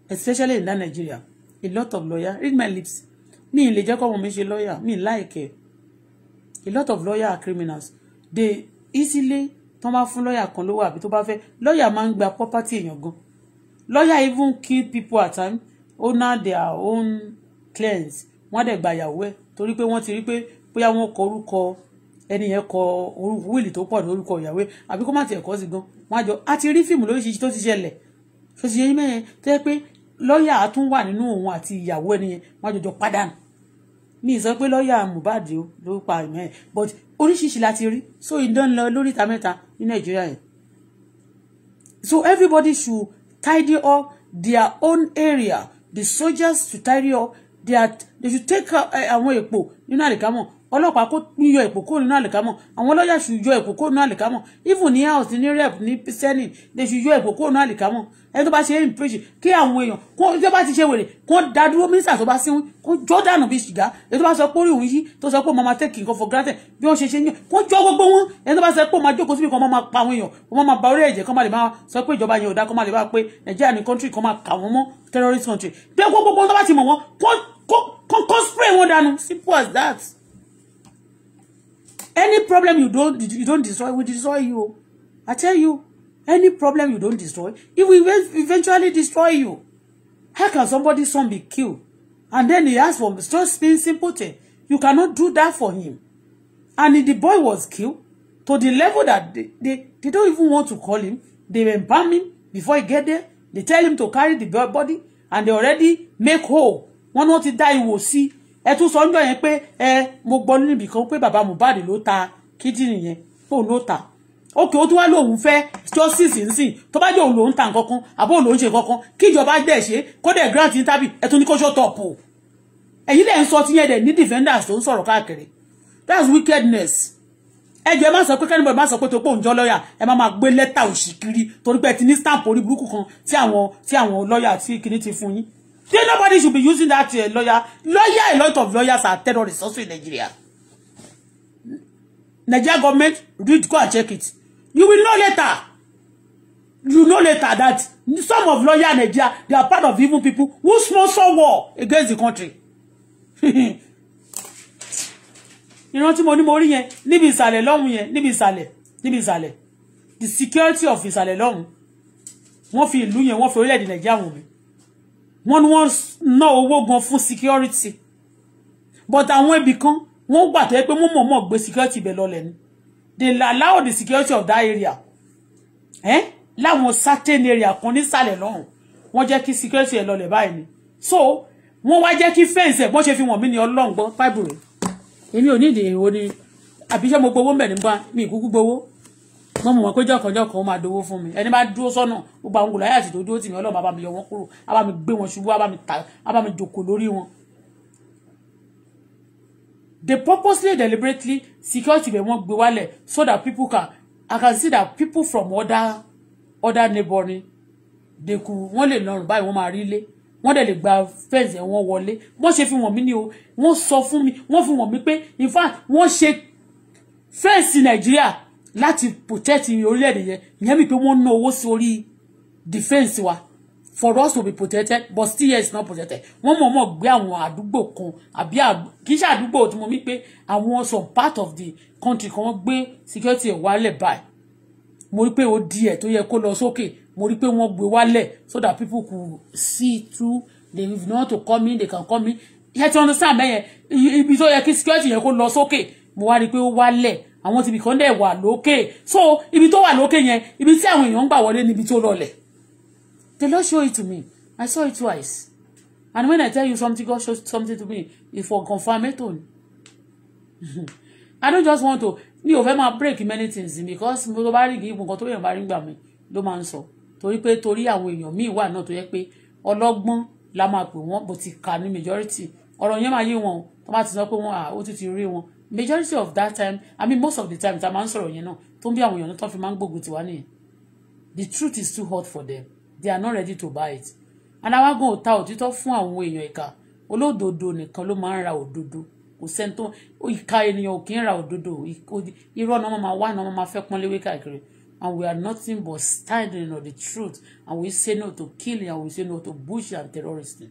especially in that Nigeria. A lot of lawyers. Read my lips. me lè jẹ́ kọ́ ọmọ mi ṣe lawyer. me like A lot of lawyers are criminals. They easily tó bá fún lọ́yà kan lówó àbí tó bá fẹ́ lọ́yà máa ń gba property èèyàn gan lọ́yà even kill people at time owner their own clients wọ́n dẹ̀ gba ìyàwó ẹ̀ torí pé wọ́n ti rí pé bóyá wọ́n kọ orúkọ ẹni yẹn kọ wíìlì tó pọ̀ ní orúkọ ìyàwó ẹ̀ àbí kó má tiẹ̀ kọ́ gan wọ́n á jọ a ti rí fíìmù lóríṣiríṣi tó ti ṣẹlẹ̀ tó ti ṣe yín mẹ́yẹn tó yẹ pé lọ́ọ̀yà á tún wà nínú òun àti ìyàwó ẹni yẹn wọ́n á jọjọ pàdánù mi ì sọ pé lọ́ọ̀yà Mohbad ló pa ìmọ̀ ẹ̀ but oríṣiríṣi la ti rí so ìdán lóríta mẹ́ta ní Nàìjíríà yẹn so everybody should tidy up their own area the soldiers should tidy up their they should take eh, àwọn èèpo nínú àlìkámọ̀ ọlọ́pàá kó yọ èpò kó nínú àlìkámọ̀ àwọn lọ́yà ṣù yọ èpò kó nínú àlìkámọ̀ even ní house ní rep ní senate lè ṣù yọ èpò kó nínú àlìkámọ̀ ẹni tó bá ṣe impeach kí àwọn èèyàn kó tó bá ti ṣe wèrè kó dá dúró mínísítà tó bá sí wọn kó jọ́ dànù bí ṣìgá èyí tó bá sọ pé orí òun yí tó sọ pé ọmọ máa take nǹkan for granted bí wọ́n ṣe ṣe yàn kó jọ́ gbogbo wọn ẹni tó bá sọ pé ọmọ ajókòó síbi kan máa pa àwọn èèyàn ọmọ máa ba orí ẹ̀jẹ̀ kan máa lè máa sọ pé ìjọba yẹn ò dá kan máa lè máa pé nàìjíríà ní country kan máa kà wọ́n mọ́ terrorist country bí wọ́n gbogbo wọn tó bá ti mọ̀ wọ́n kó kó kó spray wọn dànù simple as that any problem you don't you don't destroy will destroy you I tell you any problem you don't destroy it will eventually destroy you how can somebody's son be killed and then he ask for just being simple thing you cannot do that for him and if the boy was killed to the level that they, they, they don't even want to call him they embalm him before he get there they tell him to carry the body and they already make hole wọn náà ti die? ihò sí i ẹ tún sọ ńjọ́ yẹn pé ẹ mo gbọ́ níbi kan pé bàbá Mohbad ló ta kídìnrín yẹn fóun ló ta ókè ó tún wá lóun fẹ́ justice nsìn tó bá jẹ́ òun lòun ta nǹkan kan àbó òun lòun ṣe nǹkan kan kíjọba dẹ̀ ṣe kódẹ̀ grant interview ẹ tún ní kó ṣó tọ̀pù ẹ̀yin lẹ́ ń sọ tiyẹn dẹ̀ ní defenders tó ń sọ̀rọ̀ káàkiri that's wickedness ẹ jẹ́ má sọ pé kẹ́nìbọ̀ má sọ pé tó pé òun jọ lọ́ọ̀yà ẹ má máa gbé lẹ́tà òṣì kiri torí pé ẹ ti ní stamp orí burúkú kan tí àwọn tí àwọn lọ́ọ̀yà tí kìíní ti fún yín Then nobody should be using that uh, lawyer. Lawyer, a lot of lawyers are terrorists also in Nigeria. Nigeria government, read, go and check it. You will know later. You know later that some of lawyer in Nigeria, they are part of evil people who sponsor war against the country. You know what ní mean? rí yẹn níbi ìsàlẹ̀ lọ́hùn yẹn níbi ìsàlẹ̀ the security of ìsàlẹ̀ lọ́hùn wọ́n fi ìlú yẹn wọ́n fi orílẹ̀-èdè Nàìjíríà wọ̀n wọ́n ní wọ́n ná owó gan fún security but àwọn ibì kan wọ́n gbà tó yẹ pé wọ́n mọ̀ọ́mọ̀ gbé security ibẹ̀ lọlẹ̀ ni they allow the security of that area eh? láwọn certain area kan nísàlẹ̀ lọ́hùn wọ́n jẹ́ kí security ẹ̀ lọlẹ̀ báyìí ni so wọ́n wá jẹ́ kí fẹ́ǹsì ẹ̀ bọ́n ṣe fi wọ̀n mí ní ọlọ́ngbọ́n bible èmi ò ní ìdè èwo ni àbíṣẹ́ mo gbowó mbẹ̀ nígbà mi ìkúkú gbowó wọ́n mọ̀ wọ́n pé jọ̀kànjọ̀kàn ó máa dowó fún mi ẹni bá dúró sọ́nà gbogbo àwọn gòláyà àti ìdòdó tì mí ọlọ́run bá mi yọ wọ́n kúrò á bá mi gbé wọn ṣubú á bá mi tà á bá mi jòkó lórí wọn. they purposely deliberately security bẹ̀ wọ́n gbé wálẹ̀ so that people can i can see that people from other other neighboring they could wọ́n lè lọ́rùn báyìí wọ́n máa rí ilé wọ́n dẹ̀ lè gba fẹ́ǹsì ẹ̀ wọ́n wọlé wọ́n ṣe fi wọ̀n mí ni o wọ́n sọ fún mi wọ́n fi wọ̀n mí pé in fact wọ́n ṣe fẹ́ǹsì nàìjíríà láti protect orílẹ̀-èdè yẹn ìyẹn mi pé wọ́n ná owó sí orí defence wa for us to be protected but still here not protected wọ́n mọ̀ mọ̀ gbé àwọn àdúgbò kan àbí kì í ṣe àdúgbò tí mo mí pé àwọn some part of the country kan gbé security ẹ̀ wálẹ̀ báyìí mo rí pé ó díẹ̀ tó yẹ kó lọ sókè mo rí pé wọ́n gbé wálẹ̀ so that people could see through they if not to come in they can come in yẹ ti understand bẹ́ẹ̀ yẹn ibi tó yẹ kí security yẹn kó lọ sókè mo wá rí pé ó wálẹ̀ àwọn ti bìkan dẹ̀ wà lókè so ibi tó wà lókè yẹn ibi tí àwọn èèyàn ń gbà wọlé níbi tó lọlẹ̀ the Lord show it to me I saw it twice and when I tell you something God show something to me it's e for confirmation I don't just want to mi ò fẹ́ máa break many things because mo bá rí ìgbìmọ̀ nǹkan tó yẹn bá rí gbà mí ló máa ń sọ torí pé torí àwọn èèyàn míì wà náà tó yẹ pé ọlọ́gbọ́n la máa pè wọ́n bó ti kà ní majority ọ̀rọ̀ yẹn máa yé wọn tó bá ti sọ pé wọ́n ó ti ti rí wọn majority of that time i mean most of the time tá a máa ń sọ̀rọ̀ yẹn náà tó ń bí àwọn èèyàn náà tó fi máa ń gbógun tiwa nìyẹn the truth is too hot for them they are not ready to buy it and àwa gan ò ta òtítọ́ fún àwọn èèyàn ìka olódodo nìkan ló máa ń ra òdodo kò sẹ́ni tó ìka ènìyàn ò kí ń ra òdodo irọ́ náà máa wá náà máa fẹ́ pọ́n léwé káàkiri and we are nothing but standing on the truth and we say no to killing and we say no to bush and terrorism.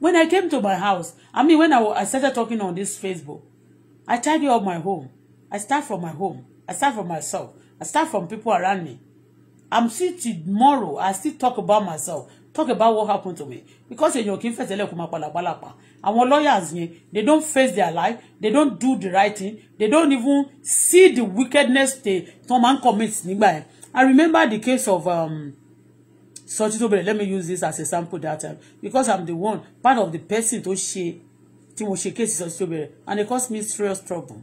when I came to my house, I mean, when I, I started talking on this Facebook, I tidy up my home. I start from my home. I start from myself. I start from people around me. I'm still tomorrow, I still talk about myself, talk about what happened to me. Because èèyàn kì í fẹsẹ̀ lẹ́kùn máa palàpalàpà. Àwọn lawyers yẹn, they don't face their life, they don't do the right thing, they don't even see the wickedness they tó máa ń I remember the case of um, Sotí Tóbilẹ̀ let me use this as a sample that time because I'm the one part of the person tó ṣe tí mo ṣe kéèsì Sotí Tóbilẹ̀ and it caused me serious trouble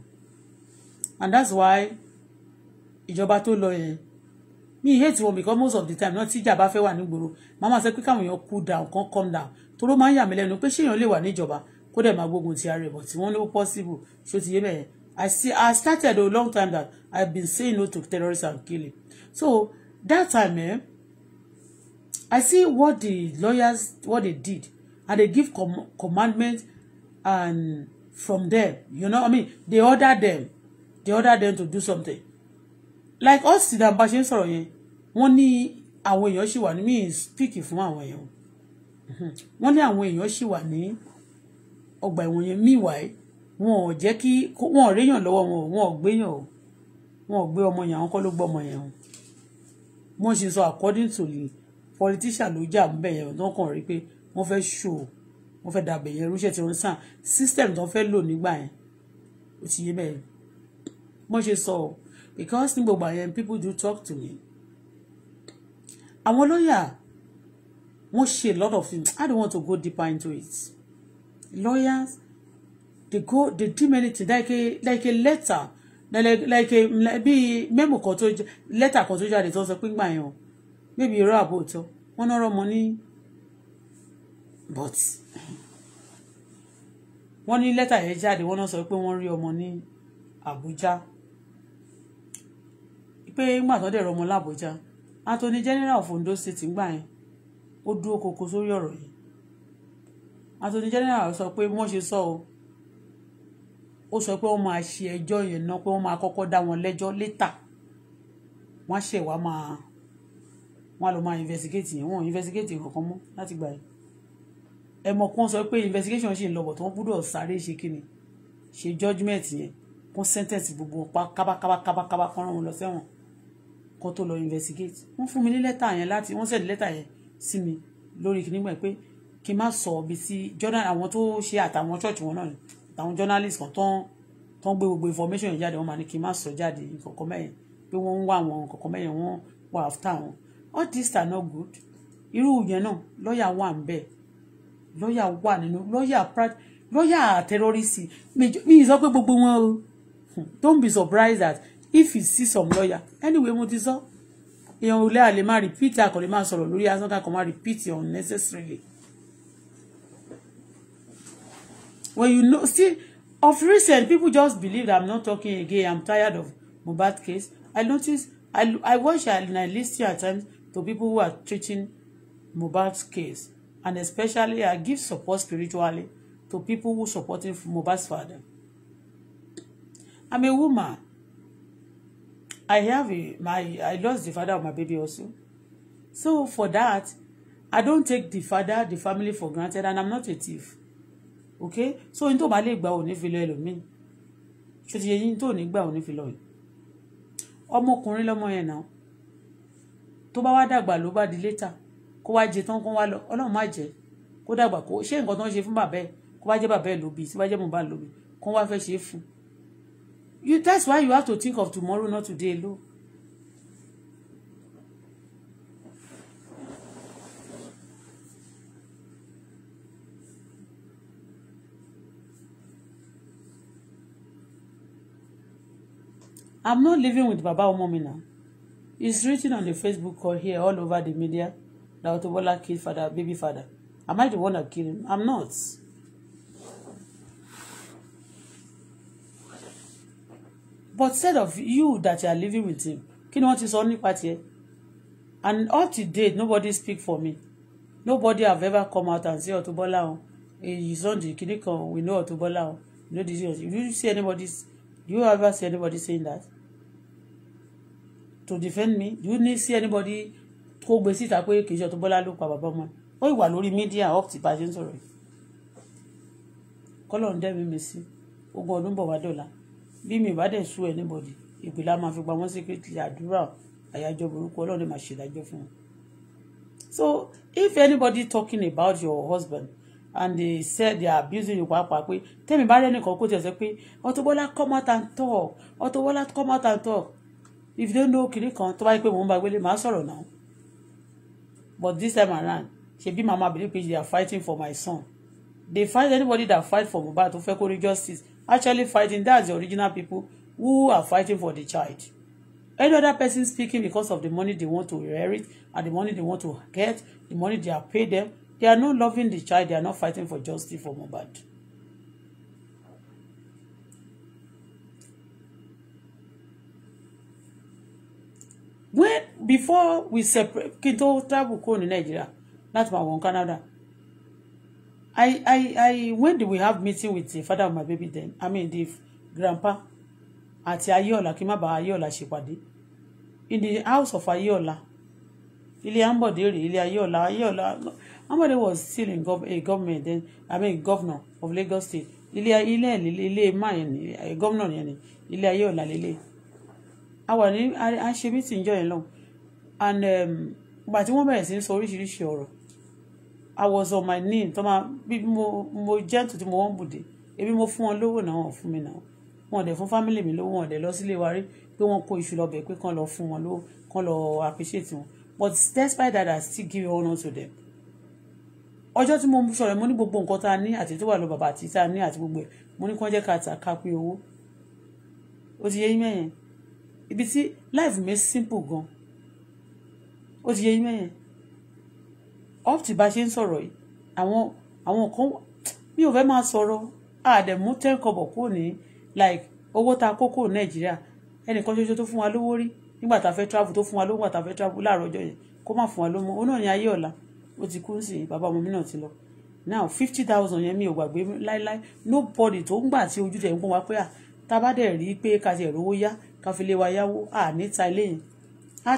and that's why ìjọba tó lọ yẹn mi hate one because most of the time náà tíjà bá fẹ́ wà nígboro màmá sọ pé káwọn èèyàn cool down kan calm down toró máa ń yà mí lẹ́nu pé ṣé èèyàn lè wà níjọba kó dẹ̀ máa gbógun ti ara bọ̀ tí wọ́n ló possible ṣó ti yé mẹ́yẹn I see I started a long time that I've been saying no to terrorism and killing so that time eh, I see what the lawyers what they did and they give com commandment and from there, you know I mean they order them they order them to do something like us ti dàgbà bashing sorry, money yẹn wọ́n yoshi one means ṣì wà ní míì speak fún àwọn èèyàn mm-hmm. wọ́n ní àwọn èèyàn ṣì wà ní ọgbà ẹ̀wọ̀n meanwhile wọn Jackie, jẹ́ region wọn ò réyàn lọ́wọ́ wọn wọn ò gbéyàn o wọn ò gbé ọmọ yẹn àwọn kọ́ ló according to the politician ló jà ń bẹ̀yẹ̀ wọ́n kàn rí pé wọ́n fẹ́ ṣò wọ́n fẹ́ dàbẹ̀ yẹn rúṣẹ̀ tí wọ́n sàn system tó fẹ́ lò nígbà yẹn ó ti yé bẹ́ẹ̀ wọ́n ṣe sọ because ní gbogbo àyẹn people do talk to me àwọn lọ́yà wọ́n ṣe a lot of things I don't want to go deeper into it lawyers they go they do many things like a like a letter like like a bí memo kan tó lẹ́tà kan tó jáde tó sọ pé gbà yẹn o maybe irọ́ àbòtọ́ wọ́n náà rọ́mọ ní but wọ́n ní lẹ́tà yẹn jáde wọ́n náà sọ pé wọ́n rí ọmọ ní Àbújá pé ńgbà tó dẹ̀ rọmọ làbújá Anthony General of Ondo State ńgbà yẹn ó dúró koko sórí ọ̀rọ̀ yìí Anthony General sọ pé wọ́n ṣe sọ o ó sọ pé wọ́n máa ṣe ẹjọ́ yẹn náà pé wọ́n máa kọ́kọ́ dá wọn lẹ́jọ́ létà wọ́n á ṣẹ̀wá máa wọn á lọ máa investigate yẹn wọn investigate kankan mọ́ láti gbà yẹn ẹ mọ̀ kó sọ pé investigation ṣì ń lọ bọ̀ tó wọ́n gbúdọ̀ sáré ṣe kíni ṣe judgement yẹn kó sentence gbogbo pa kábákábákábá kan rán wọn lọ sẹ́wọ̀n kó tó lọ investigate wọ́n fún mi ní lẹ́tà yẹn láti wọ́n sẹ̀dí lẹ́tà yẹn sí mi lórí kíní mọ̀ pé kí n má sọ ibi tí journal àwọn tó ṣe àtàwọn church wọn náà ni àtàwọn journalist kan tán tán gbé gbogbo information yẹn jáde wọ́n máa ní kí n má sọ jáde nǹkan kan mẹ́yìn pé wọ́n ń wá àwọn nǹkan kan mẹ́yìn wọ́n wà after wọn all these are not good irú yẹn náà lọ́ọ̀yà wà ń bẹ̀ lọ́ọ̀yà wà nínú lọ́ọ̀yà lọ́ọ̀yà tẹ́rọ́rìsì mi ì sọ pé gbogbo wọn o hmm, don't be surprised that if you see some lawyer anyway mo ti sọ èèyàn ò lẹ́ àlè máa repeat àkànlè máa sọ̀rọ̀ lórí asán kàkàn máa repeat unnecessarily Well, you know see of recent people just believe that i'm not talking again i'm tired of Mohbad case i notice i i watch and i listen at times to people who are treating Mohbad's case and especially I give support spiritually to people who supporting Mohbad's father. I'm a woman. I have a, my I lost the father of my baby also. So for that, I don't take the father, the family for granted, and I'm not a thief. Okay? So into tó bá lè filo ò ní fi lọ ẹlòmíì. Ṣé ti yin. yín tó ní gbà ò ní fi lọ yìí? Ọmọkùnrin tó bá wá dàgbà ló bá di létà kó wá jẹ tán kó wá lọ ọlọ́run má jẹ́ kó dàgbà kó ṣé nǹkan tó ń ṣe fún bàbá ẹ̀ kó bá jẹ́ bàbá ẹ̀ lóbi tí bá jẹ́ mọ̀ lóbi kó wá fẹ́ ṣe é fún you that's why you have to think of tomorrow not today alone. I'm not living with Baba Omo mi now. It's written on the Facebook or here all over the media that Auto killed father, baby father. Am I the one that killed him? I'm not. But said of you that you are living with him, you know what is only part here, And up to date, nobody speak for me. Nobody have ever come out and say Auto Bola o. He's on the kìnìkan, we know Auto Bola o. You know you see anybody, do you ever see anybody saying that? to defend me do you need see anybody kó gbé síta pé kì í ṣe Auto Bola ló pa bàbá ọmọ ó ìwà lórí mídíà up ti bá a ṣe ń sọ̀rọ̀ yìí kọ́lọ̀ ń dẹ́mi mi sí ogún ọdún bọ̀ wá dọ̀la bí mi ìbá dẹ̀ sú anybody ìpìlẹ̀ máa fi pamọ́ secretly àdúrà àyájọ́ burúkú ọlọ́run ni màá ṣèdájọ́ fún wọn. so if anybody talking about your husband and they say they are abusing you pàápàá pé tẹ́mi bá rẹ́ nìkan kó tiẹ̀ sẹ́ pé Auto Bola come out and talk Auto Bola come out and talk if you don't know kiri kan tó bá yẹ pé mò ń bá gbélé màá sọ̀rọ̀ náà but this time around ṣebí mama believe pé they are fighting for my son they fight anybody that fight for Mohbad to fẹ́ kó justice actually fighting that's the original people who are fighting for the child any other person speaking because of the money they want to inherit and the money they want to get the money they are pay them they are not loving the child they are not fighting for justice for Mohbad. when before we separate kí n tó travel kúrò ní nàìjíríà láti máa wọ̀n canada i i i when did we have meeting with the father of my baby then i mean the grandpa àti ayéọ̀la kí n má bàa ayéọ̀la ṣèpàdé in the house of ayéọ̀la ilé ambode rè ilé ayéọ̀la ayéọ̀la ambode was still in gov a government then i mean governor of lagos state ilé ilé ilé máa yẹn ni governor yẹn ni ilé ayéọ̀la lélẹ́yìí a wà ní a ṣe meeting jọ yẹn lọ and um, ìgbà tí wọ́n bẹ̀rẹ̀ sí sọ oríṣiríṣi ọ̀rọ̀ I was on my knee tó máa bí mo mo jẹ́ǹtù tí mo wọ́n bùdé ebi mo fún wọn lówó náà wọ́n fún mi náà wọ́n dẹ̀ fún family mi lówó wọ́n dẹ̀ lọ sílé wa rí pé wọ́n kó iṣu lọ́bẹ̀ pé kán lọ fún wọn lówó kán lọ appreciate wọn but despite that I still give honour to them ọjọ́ tí mo sọ̀rọ̀ mo ní gbogbo nǹkan tá a ní àti tó wà lọ bàbá àti tá a ní àti gbogbo ẹ̀ mo ní kí wọ́n jẹ́ ká tà ká pín owó ó ti yé yín mẹ́yẹn ibi tí life mi simple gan ó ti yẹ yín mẹ́yẹn up ti bá ṣe ń sọ̀rọ̀ yìí àwọn àwọn kan mi ò fẹ́ máa sọ̀rọ̀ àdẹ̀mú ten kọ́bọ̀ kò ní like owó ta kókó nàìjíríà ẹnìkan ṣoṣo tó fún wa lówó rí nígbà tá a fẹ́ travel tó fún wa lówó àtàfẹ́ travel láàárọ̀ ọjọ́ yẹn kó má fún wa lówó òun náà ní ayé ọ̀la ó ti kú sí bàbá ọmọ mi náà ti lọ now fifty thousand yẹn mi ò gbàgbé láéláé nobody tó ń gbà tí ojú tẹ̀ ń gbọ́n wa pé à tá a bá dẹ̀ rí pé ká ìrówó yá ká wa yáwó à níta ilé yẹn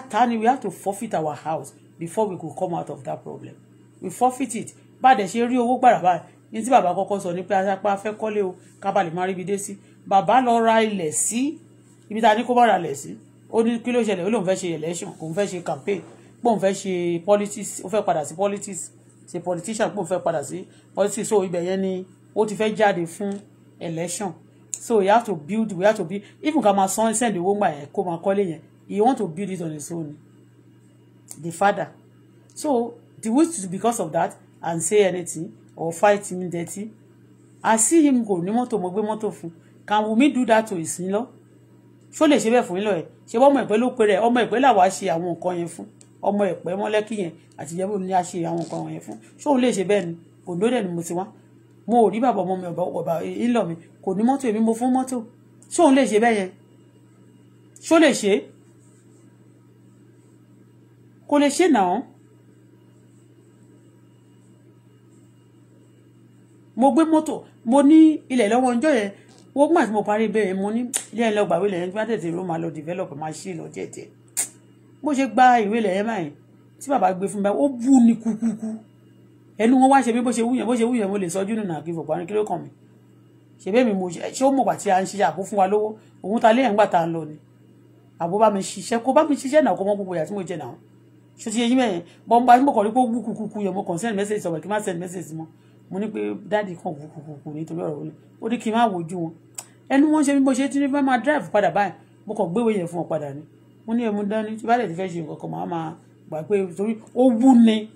ta ni we have to forfeit our house before we go come out of that problem we forfeit it bá a dẹ̀ ṣe rí owó gbàrà báyìí ní tí bàbá kọ́kọ́ sọ ní pé aṣápá fẹ́ kọ́lé o ká bá lè má rí ibi dé sí bàbá lọ ra ilẹ̀ sí ibi tá a ní kó bá ra ilẹ̀ sí ó ní kí ló ṣẹlẹ̀ ó lóun fẹ́ election òun fẹ́ ṣe campaign pòun fẹ́ ṣe politics ó fẹ́ padà sí politics ṣe politician pòun fẹ́ padà sí politics so ibẹ̀ yẹn ni ó ti fẹ́ jáde fún election so you have to build we have to build even my son send owó ngbà come and máa kọ́lé yẹn he want to build it on his own the father so the wish because of that and say anything or fight him dirty I see him go ní mọ́tò mo gbé mọ́tò fún can we do that to his in-law ṣó lè ṣe bẹ́ẹ̀ fún in-law ẹ̀ ṣe bọ́ ọmọ ẹ̀pẹ́ ló pe rẹ̀ ọmọ ẹ̀pẹ́ làwa ṣe àwọn nǹkan yẹn fún ọmọ ẹ̀pẹ́ mọ́lẹ́kì yẹn àtijọ́ bí mo ní a ṣe àwọn nǹkan yẹn fún ṣóun lè ṣe bẹ́ẹ̀ ni òǹdó dẹ̀ ni mo ti wá mo ò rí bàbá ọmọ mi ọ̀bà ọ̀bà ìlọ mi kò ní mọ́tò èmi mo fún mọ́tò ṣé òun lè ṣe bẹ́ẹ̀ yẹn ṣó lè ṣe kò lè ṣe náà mo gbé mọ́tò mo ní ilẹ̀ lọ́wọ́ ọjọ́ yẹn wọ́n gbà tí mo parí bẹ́ẹ̀ mo ní ilé ẹ̀ lọ gbàwé ilẹ̀ yẹn bá tètè ló máa lọ develop máa ṣe lọ jẹ́jẹ́ bó ṣe gba ìwé ilẹ̀ yẹn báyìí tí bàbá gbé fún mi báyìí ó bú ni kúkúkú ẹnu wọn wá ṣe bí bó ṣe wúyàn bó ṣe wúyàn mo lè sọ júnù náà kí fòpá ní kí ló kàn mí ṣe bẹ́ẹ̀ mi mo ṣe ó mọ̀ gbà tí a ń ṣiṣẹ́ àbó fún wa lówó òun ta léyìn gbà tá ń lọ ni àbó bá mi ṣiṣẹ́ kó bá mi ṣiṣẹ́ náà kó mọ́ gbogbo ìyà tí mo jẹ náà ṣó ti yẹ yín mẹ́yìn bọ́m̀bá tí mo kàn rí pé wú kúkú yẹ mo kàn message sọ̀rọ̀ kí n má send message mọ́ mo ní pé dáàdi kan wú kúkú nítorí ọ̀rọ̀ wọlé ó ní kí n má wojú wọn ẹnu wọn ṣe bí mo ṣe tí bá máa drive padà báyìí mo kàn gbéwèé yẹn fún ọ padà ni mo ní ẹmu dání tí bá dẹ̀ ti fẹ́ ṣe nǹkan kan máa máa gbà torí ó wú ni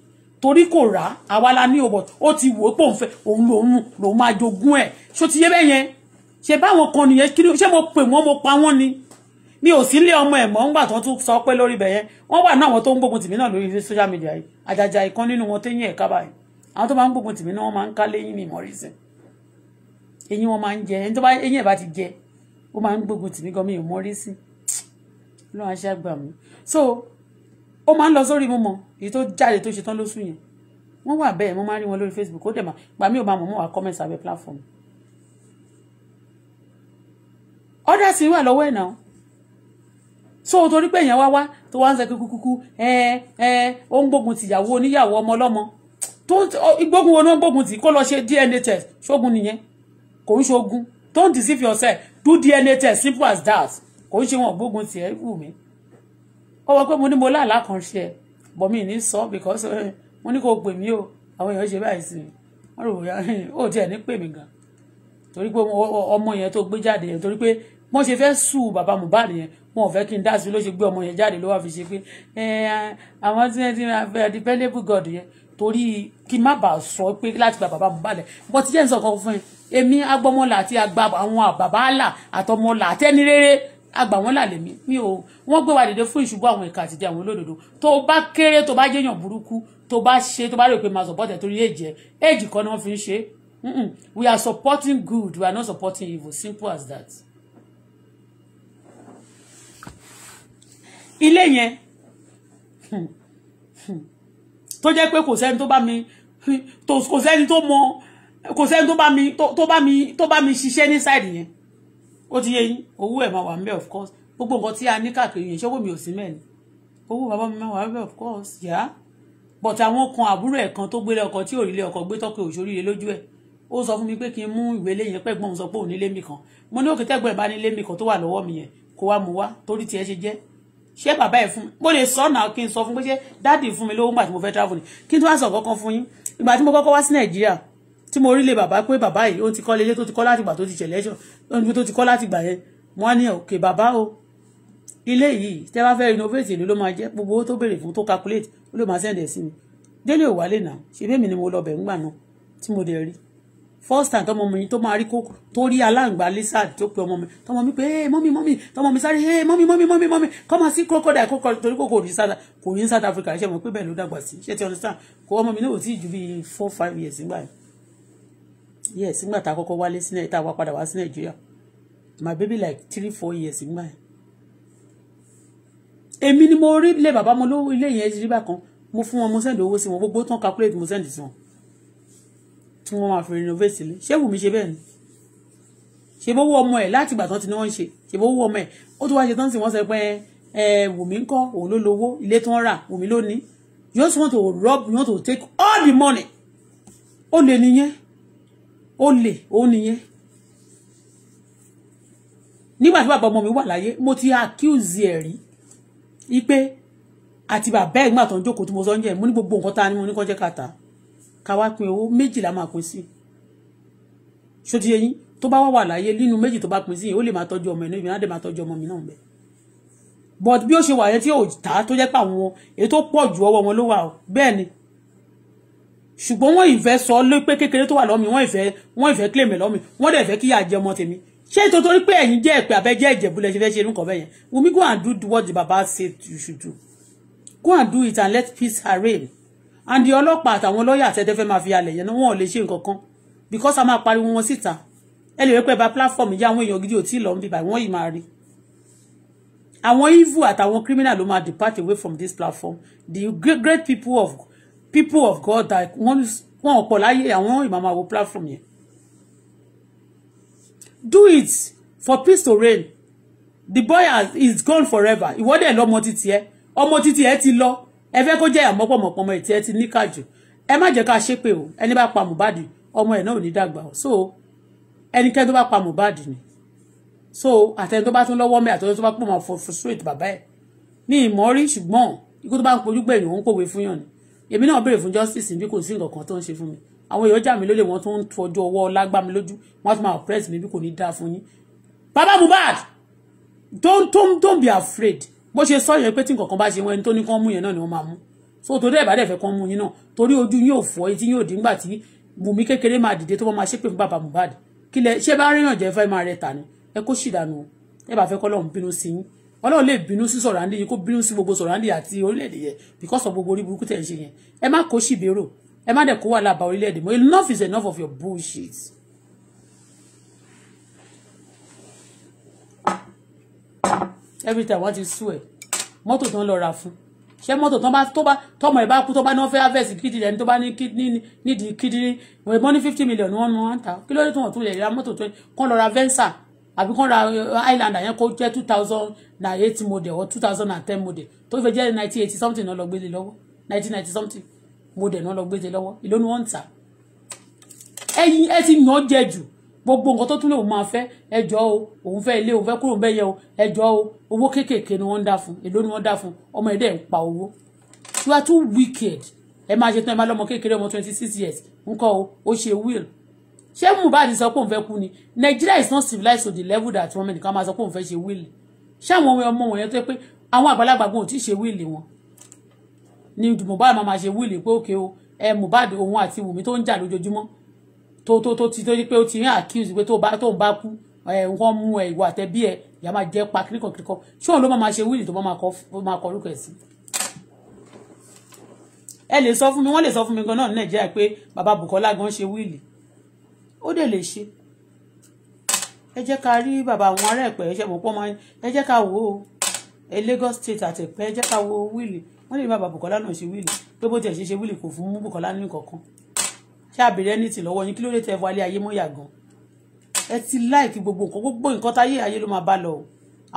torí kò rà àwa la ní òbọ̀ ó ti wò ó pò ń fẹ́ òun lòun lòun máa jogún ẹ̀ ṣó ti yé bẹ́ẹ̀ yẹn ṣe báwọn kan nìyẹn kí ṣé mo pè wọ́n mo pa wọ́n ni mi ò sí ilé ọmọ ẹ̀ mọ́ ńgbà tó tún sọ pé lórí ibẹ̀ yẹn wọ́n wà náà àwọn tó ń gbógun tìmí náà lórí social media yìí àjàjà ìkan nínú wọn téyìn ẹ̀ka báyìí àwọn tó máa ń gbógun tìmí náà wọ́n máa ń ká léyìn mi mọ́rí sí eyín wọn máa ń jẹ ẹni tó bá eyín ẹ̀ bá ti jẹ ó máa ń gbógun tìmí gan mi ò mọ́rí sí lọ́wọ́ aṣáá gbà mí so ó máa ń lọ sórí mímọ èyí tó jáde tó ṣe tán lóṣù yẹn wọ́n wà bẹ́ẹ̀ mo máa ń rí wọn lórí Facebook ó dẹ̀ máa gbà mí ò máa mọ̀ mọ́ wà comment sábẹ́ platform. ọ̀dà sì wà lọ́wọ́ ẹ̀ náà so torí pé èèyàn wá wá tó wá ń sẹ kúkúkú ẹ ẹ ó ń gbógun tìyàwó oníyàwó ọmọ ọlọ́mọ tó ń gbógun wo ni wọ́n gbógun tì kó lọ ṣe DNA test ṣógun nìyẹn kò ń ṣogun don't deceive yourself do DNA test simple as that kò ń ṣe wọn gbógun tì ẹ́ wù mí kọ́wọ́ pé mo ní mo láàlá kan ṣe ẹ̀ bọ̀ mi ní sọ because eh, mo ní kò pè mí o àwọn èèyàn ṣe báyìí sí i wọ́n rò wọ́n ò tiẹ̀ ní pè mí gan torí pé ọmọ yẹn tó gbé jáde yẹn torí pé wọ́n ṣe fẹ́ sù bàbá Mohbad yẹn wọn ò fẹ́ kí n dá sí ló ṣe gbé ọmọ yẹn jáde ló wà fi ṣe pé eh, àwọn tí wọ́n ti máa fẹ́ dependable god yẹn torí kí n má bàa sọ pé láti gba bàbá Mohbad bọ́ ti jẹ́ nsọ̀kan fún yẹn èmi agbọ́mọlà àti àgbà àwọn àbàbà àlà àtọmọlà àtẹnirere àgbà wọn làlẹ́ mi mi ò wọ́n gbé wa dìde fún ìṣubú àwọn ìka àtijọ́ àwọn olódodo tó bá kéré tó bá jẹ́yàn burúkú tó bá ṣe tó bá rò pé máa support ẹ̀ torí èjì èjì kan ni wọ́n fi ń ṣe we are supporting good we are not supporting evil simple as that. ilé yẹn hmm, hmm, tó jẹ́ pé kò sẹ́ni tó bá mi kò sẹ́ni tó mọ kò sẹ́ni tó bá mi tó bá mi tó mi ṣiṣẹ́ ní sáìdì yẹn ó ti yé yín owó ẹ̀ máa wà ńbẹ̀ of course gbogbo nǹkan tí a ní káàkiri yẹn ṣọ́wọ́ mi ò sí mẹ́rin owó bàbá mi máa wà ńbẹ̀ of course yá but àwọn kan àbúrò ẹ̀ kan tó gbélé ọkọ tí òrìlé ọkọ gbé tọ́kẹ́ òṣòríire lójú ẹ̀ ó sọ fún mi pé kí n mú ìwé lẹ́yìn pẹ́gbọ́n mi sọ pé òun nílé mi kan mo ní òkè tẹ́gbọ́n ẹ̀ bá nílé mi kan tó wà lọ́wọ́ mi yẹn kó wá mu wá torí tiẹ̀ ṣe jẹ́ ṣé bàbá ẹ̀ fún mi mo lè sọ náà kí n sọ fún pé ṣé dáàdì fún mi lówó nígbà tí mo fẹ́ travel ni kí n tó wá sọ kọ́kọ́ fún yín ìgbà tí mo kọ́kọ́ wá sí nàìjíríà tí mo rí lé bàbá pé bàbá yìí ó ti kọ́ lélé tó ti kọ́ láti gbà tó ti ṣẹlẹ̀ ẹ̀ṣọ́ ohun tó ti kọ́ láti gbà yẹn wọ́n ní òkè bàbá o ilé yìí tẹ́ bá fẹ́ renovate ìlú ló máa jẹ́ gbogbo owó tó béèrè fún tó calculate ó ló máa send ẹ̀ sí mi délé ò wálé náà ṣe bẹ́ẹ̀ mi ni mo lọ bẹ̀ ńgbà náà tí mo dẹ̀ rí first time tọmọ mi tó máa rí kókò tó rí aláǹgbá lisa tó pe ọmọ mi tọmọ mi pé ee mọ́mí mọ́mí tọmọ mi sáré ee mọ́mí mọ́mí mọ́mí mọ́mí kọ́mọ sí crocodile crocodile torí kò kò rí south kò rí south africa ṣe mo pé bẹ́ẹ̀ ló dàgbà sí ṣé ti understand kò ọmọ mi náà ò tí ì ju bíi four five years nígbà yìí yes nígbà tá a kọ́kọ́ wálé sí náà padà wá sí nàìjíríà my baby like three four years nígbà yẹn èmi ni mo rí ilé bàbá mo lówó ilé yẹn rí bákan mo fún wọn mo send owó sí wọn gbogbo tán calculate mo send sí wọn tí wọ́n máa fi renovate sílé ṣé wù mí ṣe bẹ́ẹ̀ ni ṣe bó wọ ọmọ ẹ̀ láti ìgbà tán ti ní wọ́n ń ṣe ṣe bó wọ ọmọ ẹ̀ ó tún wá ṣe tán sí wọ́n sọ pé ẹ wùmí ń kọ́ òun ló lówó ilé tó ń rà wùmí ló ní you just want to rob you want to take all the money ó lè nìyẹn ó lè ó nìyẹn nígbà tí bàbá ọmọ mi wà láyé mo ti accuse ẹ̀ rí i pé àti bàbá ẹ̀ gbà tó ń jókòó tí mo sọ ń jẹ mo ní gbogbo nǹkan tá a ní mo ní kọ́ jẹ́ ká wá pín owó méjì la máa pín sí ṣó ti yẹ yín tó bá wà wà láyé nínú méjì tó bá pín sí yìí ó lè máa tọ́jú ọmọ ẹ̀ náà ìbí náà dé máa tọ́jú ọmọ mi náà bẹ́ẹ̀ but bí ó ṣe wà yẹn tí ò tà tó jẹ́ pé èyí tó pọ̀ jù ọwọ́ wọn ló wà bẹ́ẹ̀ ni ṣùgbọ́n wọ́n ìfẹ́ sọ ló pé kékeré tó wà lọ́mí wọ́n ìfẹ́ wọ́n ìfẹ́ claim ẹ̀ lọ́mí wọ́n dẹ̀ fẹ́ kíyà jẹ ọmọ tèmi ṣé nítorí pé ẹ̀yin jẹ́ ẹ̀pẹ́ abẹ́jẹ́ ìjẹ̀bùlẹ̀ ṣe fẹ́ ṣe nǹkan bẹ́yẹn Wunmi go and do what the baba said you should do go and do it and let peace reign and the ọlọ́pàá àtàwọn lọ́ọ̀yà àtẹ́tẹ́ fẹ́ máa fi alẹ̀ yẹn wọn ò lè ṣe nǹkan kan because a máa pariwo wọn síta ẹ lè rí pé bá platform yá àwọn èèyàn gidi ò tí ì lọ ń bíbá wọn yìí máa rí àwọn evil àtàwọn criminal ló máa depart away from this platform the great people of people of God that wọ́n wọ́n ọ̀pọ̀ láyé àwọn ìmàmà wo platform you. do it for peace to reign the boy has, is gone forever ìwọ́dẹ̀ lọ́mọ títí ẹ ọmọ títí ẹ ti lọ ẹ fẹ́ kó jẹ́ àmọ́pọ̀mọ̀pọ̀ ọmọ ìtí ẹ ti níkàjù ẹ má jẹ́ ká ṣépè o ẹni bá pa Mohbad ọmọ ẹ̀ náà ò ní o so ẹnikẹ́ni tó bá pa Mohbad ni so àtẹni tó bá tún lọ́wọ́ mẹ́ àtẹni tó bá pọ̀ mọ́ frustrate bàbá Ni mori ìmọ̀rí ṣùgbọ́n ikú tó bá ń pojú gbẹ̀yìn òun kòwé fún yàn ni èmi náà béèrè fún justice bí kò sí nǹkan kan tó ń ṣe fún mi àwọn èèyàn jà mí lólè wọn tó ń tọjú ọwọ́ lágbá mi lójú wọn tún máa press mi bí kò ní dáa fún yín bàbá Mohbad don't don't don't be afraid bó ṣe sọ yẹn pé tí nǹkan kan bá ṣe wọn ẹni tó ní kán mú yẹn náà ni wọ́n máa mú so torí ẹ̀ bá dẹ̀ fẹ́ kán mú yín náà torí ojú yín ò fọ́ etí yín ò dín gbà tí Wùmí kékeré máa dìde tó bá máa ṣépè fún bàbá Mohbad kílẹ̀ ṣé bá ríyàn jẹ́ fẹ́ máa rẹ tà ni ẹ kó ṣìdànù ẹ bá fẹ́ kọ́ lọ́hùn bínú sí yín ọlọ́run lè bínú sí sọ̀ràndì yìí kó bínú sí gbogbo sọ̀ràndì àti orílẹ̀-èdè yẹn because of gbogbo orí burúkú tẹ̀ ń ṣe yẹn ẹ má kó ṣìbérò ẹ má dẹ̀ kó wà lába orílẹ̀-èdè mọ́ enough is enough of your bullshit. every time wọ́n ti sú ẹ̀ mọ́tò tán lọ ra fún ṣé mọ́tò tán bá tó bá tọmọ ẹ̀ bá kú tó bá náà fẹ́ harvest kidney ẹni tó bá ní nídìí kidney wọ́n ní fifty million wọ́n mú wọn ta kí ló dé tó wọ́n tún lè ra mọ́tò tó kán lọ ra venza àbí kán ra uh, highlander yẹn kó jẹ́ two thousand and eight model or two thousand and ten model tó fẹ́ jẹ́ nineteen eighty something náà lọ gbélé lọ́wọ́ nineteen ninety something model náà lọ gbélé lọ́wọ́ ìlú ni wọ́n ń tà ẹyin ẹ ti yàn jẹ jù gbogbo nǹkan tó tún lè wò máa fẹ́ ẹjọ́ o òun fẹ́ ilé òun fẹ́ kúrò bẹ́ẹ̀ yẹ o ẹjọ́ o owó kéékèèké ni wọ́n ń dá fún èló ni wọ́n dá fún ọmọ ẹ̀dẹ̀ ń pa owó you are too wicked ẹ máa ṣe tán ẹ máa lọ́mọ kékeré ọmọ twenty six years nǹkan o ó ṣe will ṣé Mohbad sọ pé òun fẹ́ kú ni Nigeria is not civilized to the level that wọ́n mẹ́nìkan máa sọ pé òun fẹ́ ṣe wíìlì ṣé àwọn ọmọ wọn yẹn tó pé àwọn àgbàlagbà gbọ́n ò ṣe wíìlì wọn ni Mohbad máa máa ṣe wíìlì pé òkè o ẹ Mohbad òun àti Wùmí tó ń jà lójoojúmọ́ tó tó tó ti tó di pé ó ti ń accuse pé tó bá tó ń bá kú ẹ wọ́n mú ẹ ìwà àtẹ̀bí ẹ ìyá máa jẹ́ pa kíríkọ̀ kíríkọ̀ ṣé òun ló máa ṣe wíìlì tó máa kọ orúkọ ẹ̀ sí ẹ lè sọ fún mi wọ́n lè sọ fún mi gan náà ní Nàìjíríà pé bàbá Bùkọ́lá gan ṣe wíìlì ó dẹ̀ lè ṣe ẹ jẹ́ ká rí bàbá àwọn ará ẹ̀pẹ́ ẹ ṣe mọ̀ pọ́ máa ẹ jẹ́ ká wò ó ẹ Lagos state àtẹ̀pẹ́ ẹ jẹ́ ká wo wíìlì wọ́n lè bàbá Bùkọ́lá náà ṣe wíìlì pé bó tiẹ̀ ṣe ṣe wíìlì kò fún Bùkọ́lá ní kankan ṣé àbèrè ẹni tì lọ́wọ́ yín kí ló dé tẹ́ wálé ayé mọ́yà gan ẹ ti láìkí gbogbo nǹkan gbogbo nǹkan táyé ayé ló máa bá lọ o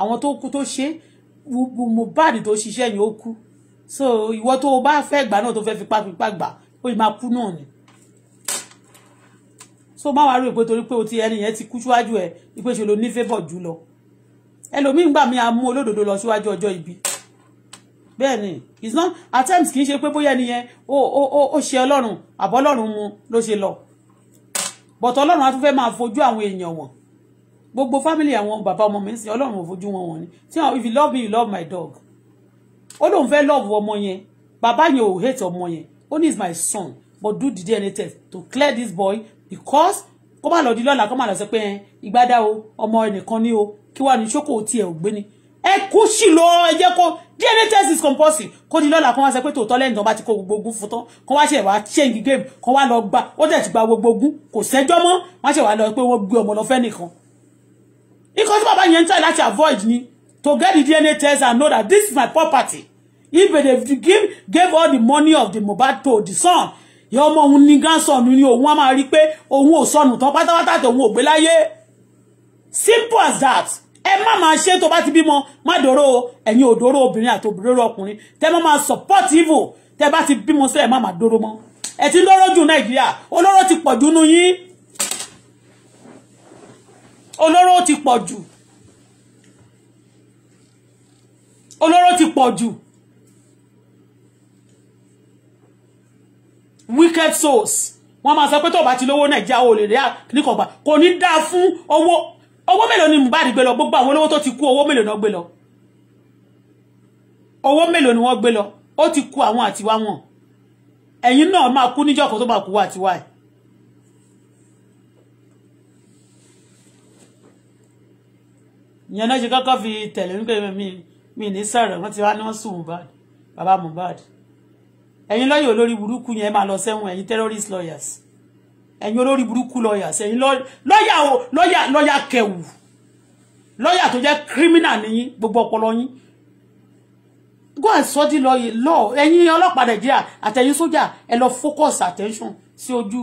àwọn tó kú tó ṣe Mohbad tó ṣiṣẹ́ yẹn ó kú so ìwọ tó o bá fẹ́ gbà náà tó fẹ́ fipá fipá gbà ó ì máa kú náà ni so má wàá rò pé torí pé o ti ẹni yẹn ti kú síwájú ẹ ìpè ṣe lo ní fẹ́bọ̀ jù lọ ẹlòmíín gbà mí a mú olódodo lọ síwájú ọjọ́ ibi bẹ́ẹ̀ ni it's not at times kì í ṣe pé bóyá ẹni yẹn ó ó ó ṣe ọlọ́run àbọ̀ ọlọ́run mu ló ṣe lọ bọ̀tọ̀ ọlọ́run á tún fẹ́ máa fojú àwọn èèyàn wọn gbogbo family àwọn bàbá ọmọ mi ń sìn ọlọ́run ò fojú wọn wọn ni tí wọn if you love me you love my dog ó lóun fẹ́ love ọmọ yẹn bàbá yẹn ò hate ọmọ yẹn ó ní is my son but do the DNA test to clear this boy because kó má lọ di lọ́la kó má lọ sọ pé ìgbádá o ọmọ ẹnìkan ní o kí wà ní ṣókò tiẹ̀ ò gbé ni ẹ kú sí lọ ẹ jẹ́ kó DNA test is compulsory kó di lọ́la kó wá sọ pé To lẹ́yìn tó bá ti kó gbogbo ogun fún tán kó wá ṣe wá change game kó wá lọ gba ó dẹ̀ ti gba gbogbo ogun kò sẹ́jọ́ mọ́ wá ṣe wá lọ pé wọ́n gbé ọmọ lọ fẹ́ nìkan. Because tí bàbá yẹn ń tẹ̀ láti avoid ni to get the DNA test and know that this is my property if they give gave all the money of the mobile to the son ìyá ọmọ òun ní grandson ni òun á máa rí pé òun ò sọnù tán pátápátá tó òun ò gbé láyé simple as that ẹ má máa ṣe tó bá ti bímọ má dòró ẹ̀yin ò dòró obìnrin àti òbíróró ọkùnrin tẹ má máa support evil tẹ bá ti bímọ sílẹ̀ má máa dòró mọ́ ẹ ti lóró jù nàìjíríà olóró ti pọ̀ jù nú yín olóró ti pọ̀ jù olóró ti pọ̀ jù. wicked souls wọ́n máa sọ pé tó bá ti lówó nàìjíríà ò lè rí àkíníkọ̀gbà kò ní dáa fún owó owó mélòó ni Mohbad gbé lọ gbogbo àwọn olówó tó ti kú owó mélòó ni wọ́n gbé lọ owó mélòó ni wọ́n gbé lọ ó ti kú àwọn àtiwá wọn ẹ̀yin náà máa kú níjọ́ kan tó máa kú wá àtiwá ẹ̀. ìyẹn náà ṣe kọ́kọ́ fi tẹ̀lé nígbà mi ní sọ̀rọ̀ wọ́n ti wá ní wọ́n sùn Mohbad bàbá Mohbad ẹ̀yin lọ́yìn olórí burúkú yẹn máa lọ sẹ́wọ̀n ẹ̀yin terrorist lawyers ẹ̀yin olórí burúkú lawyers ẹ̀yin lawyer o lọ́yà Lawyer kẹwù lọ́yà tó jẹ́ criminal nìyí gbogbo ọpọlọ yín go and study law law ẹ̀yin ọlọ́pàá nàìjíríà àtẹ̀yin sójà ẹ lọ focus attention sí ojú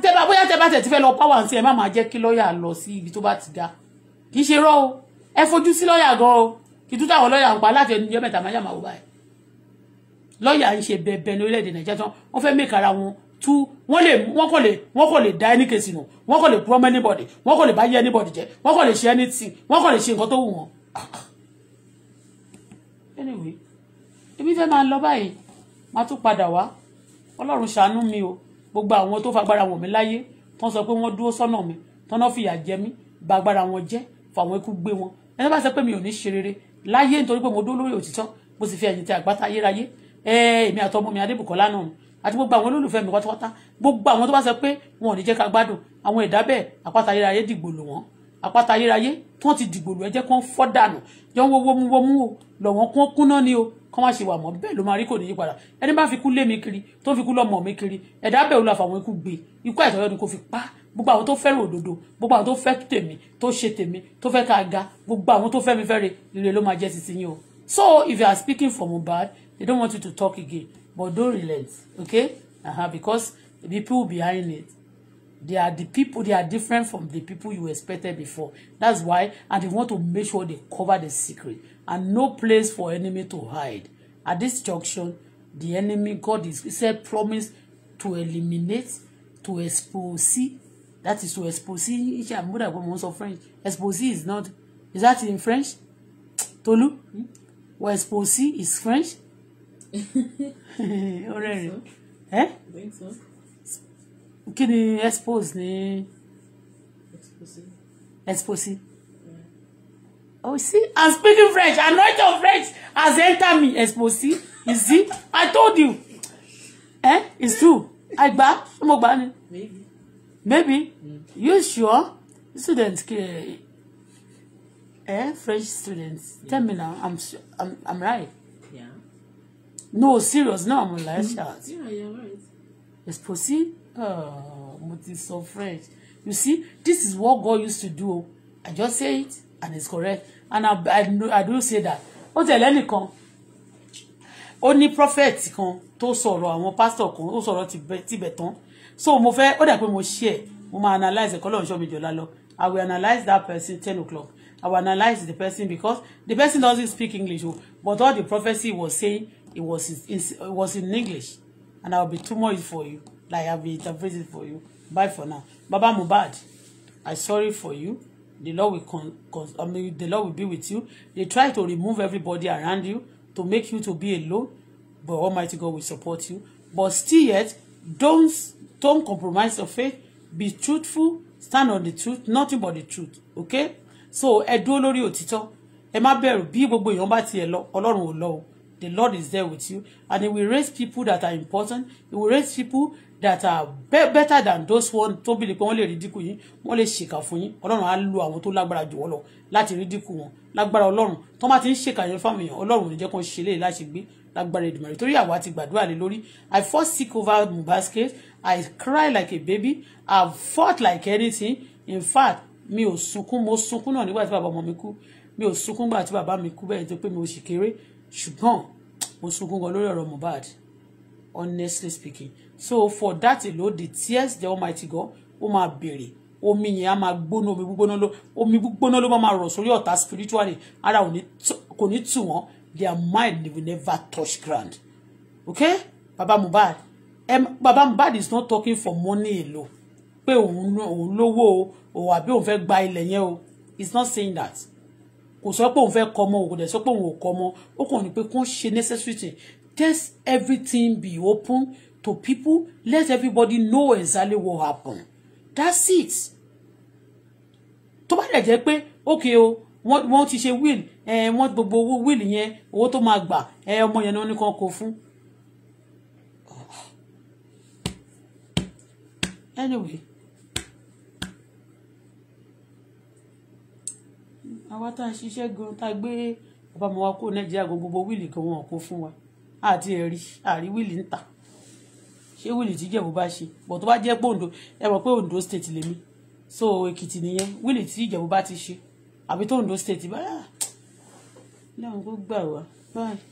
tẹ́bá bóyá tẹ́bá tẹ̀ ti fẹ́ lọ power sí ẹ má máa jẹ́ kí lọ́yà lọ sí ibi tó bá ti dá kì í ṣe o ẹ fojú sí lọ́yà gan o kì í tún táwọn lọ́yà ń pa láti ẹnu jẹ́ mẹ́ta máa lọ́ọ̀yà ń ṣe bẹ̀bẹ̀ ní orílẹ̀-èdè nàìjíríà tán wọ́n fẹ́ mẹ́ka ara wọn tú wọ́n lè wọ́n kò lè wọ́n kò lè da any case nù wọ́n kò lè prom anybody wọ́n kò lè bá yé anybody jẹ́ wọ́n kò lè ṣe anything wọ́n kò lè ṣe nǹkan tó wù wọ́n. anyway èmi fẹ́ máa lọ báyìí máa tún padà wá ọlọ́run ṣàánú mi o gbogbo àwọn tó fagbára wọ̀n mi láyé tán sọ pé wọ́n dúró sọ́nà mi tán náà fìyà jẹ mí bàgbára wọn jẹ́ fàwọn ikú gbé wọn ẹni bá sọ pé mi ò ní ṣe rere láyé nítorí pé mo dúró lórí òtítọ́ mo sì fi ẹ̀yìn tí àgbáta ayérayé èmi àtọmọ mi adébùkọ́lá náà àti gbogbo àwọn olólùfẹ́ mi pátápátá gbogbo àwọn tó bá sọ pé wọn ò ní jẹ́ ká gbádùn àwọn ẹ̀dá bẹ́ẹ̀ àpáta ayérayé dìgbò lò wọ́n àpáta ayérayé tí wọ́n ti dìgbò lò ẹ kó ń fọ́ dànù jọ ń wo wómúwómú o lọ̀wọ́n kó kúná ni o kán má ṣe wà mọ́ bẹ́ẹ̀ ló máa rí kò ní yí ẹni bá fi lé mi kiri tó fi kú mi kiri ẹ̀dá bẹ́ẹ̀ olùfà àwọn ikú gbé ikú àìtọ́yọ́ ni kò fi pa gbogbo àwọn tó fẹ́ràn òdodo gbogbo àwọn tó fẹ́ tèmi tó ṣe tèmi tó fẹ́ ká ga gbogbo àwọn tó fẹ́ mi fẹ́ re ire ló máa jẹ́ titi yín o so if you are speaking for Mohbad They don't want you to talk again, but don't relent, okay? Uh-huh, because the people behind it, they are the people, they are different from the people you expected before. That's why, and they want to make sure they cover the secret and no place for enemy to hide. At this junction, the enemy, God is, he said, promise to eliminate, to expose, that is to expose, French. Expose is not, is that in French? Tolu? Hmm? Well, expose is French ó rẹ́rìn ẹ́ kí ni expose ní expose oh see I'm speaking French I know your French has entered me expose you see I told you eh it's true àgbà mo gbà ni maybe maybe mm. you sure student eh French students tell me now I'm I'm I'm right no serious now i'm like mm-hmm. that yeah you're right esposi oh, but it's so fresh. you see this is what god used to do i just say it and it's correct and i i, know, I do say that ó tẹ̀lé nìkan ó ní prophet to sorrow. sọ̀rọ̀ àwọn pastor come. ó sorrow tibẹ̀ tán so mo fẹ́ ó dà pé mo share mo máa analyse ẹ̀kọ́ lọ́run ṣọ́mi jọ̀lá lọ i will analyze that person ten o'clock i will analyze the person because the person doesn't speak english but all the prophecy was saying It was in, it was in English, and I'll be too much for you. Like I'll be interpreting for you. Bye for now. Baba Mubad. I sorry for you. The Lord will con, con I mean, the Lord will be with you. They try to remove everybody around you to make you to be alone, but Almighty God will support you. But still yet, don't don't compromise your faith. Be truthful. Stand on the truth. Nothing but the truth. Okay? So ẹ dúró lórí òtítọ́. Ẹ má bẹ̀rù bí gbogbo èèyàn The Lord is there with you. And He will raise people that are important. He will raise people that are be better than those one tó bí pé wọ́n lè ridicule yín wọ́n lè ṣèkà fún yín ọlọ́run á lu àwọn tó lágbára jù wọ́n lọ láti ridicule wọn lágbára ọlọ́run tó má ti ń ṣèkà yẹn fáwọn èèyàn ọlọ́run ò ní jẹ́ kó ṣe léyìí láti gbé lágbára Èdùmàrè torí àwa ti gbàdúrà lé lórí I fall sick over Mohbad's case I cry like a baby I fought like anything in fact mi ò sunkún mo sunkún náà nígbà tí bàbá ọmọ mi kú mi ò sunkún nígbà tí bàbá mi kú bẹ́ẹ̀ tó pé mi ò sì kéré ṣùgbọ́n mo sunkún gan lórí ọ̀rọ̀ Mohbad honestly speaking so for that alone the tears the almighty God ó máa bèrè omi yẹn á máa gbóná omi gbígbóná ló omi gbígbóná ló máa rọ̀ sórí ọ̀tá spiritually ara kò ní tù wọ́n their mind will never touch ground okay baba Mohbad baba Mohbad is not talking for money alone pé òun lówó o àbí òun fẹ́ gba ilẹ̀ yẹn o he is not saying that kò sọ pé òun fẹ́ kọ ọmọ òun kò dẹ̀ sọ pé òun ò kọ ọmọ ó kàn ní pé kó ṣe necessary thing test everything be open to people let everybody know exactly what happen that's it tó bá dẹ̀ jẹ́ pé okay o wọ́n ti ṣe will wọ́n gbogbo owó will yẹn owó tó máa gbà ọmọ yẹn ni wọ́n ní kàn kó fún. anyway àwa tá a ṣiṣẹ́ gan tá a gbé bàbá mi wá kó nàìjíríà gbogbo wíìlì kan wọn kó fún wa àti ẹ̀rí àrí wíìlì ń tà ṣé wíìlì tí ìjẹ̀bú bá ṣe bọ̀ tó bá jẹ́ pé Ondo ẹ mọ̀ pé Ondo state lèmi so Èkìtì nìyẹn wíìlì tí ìjẹ̀bú bá ti ṣe àbí tó Ondo state báyà ah, lẹ́wọ̀n kó gbà wá báyìí.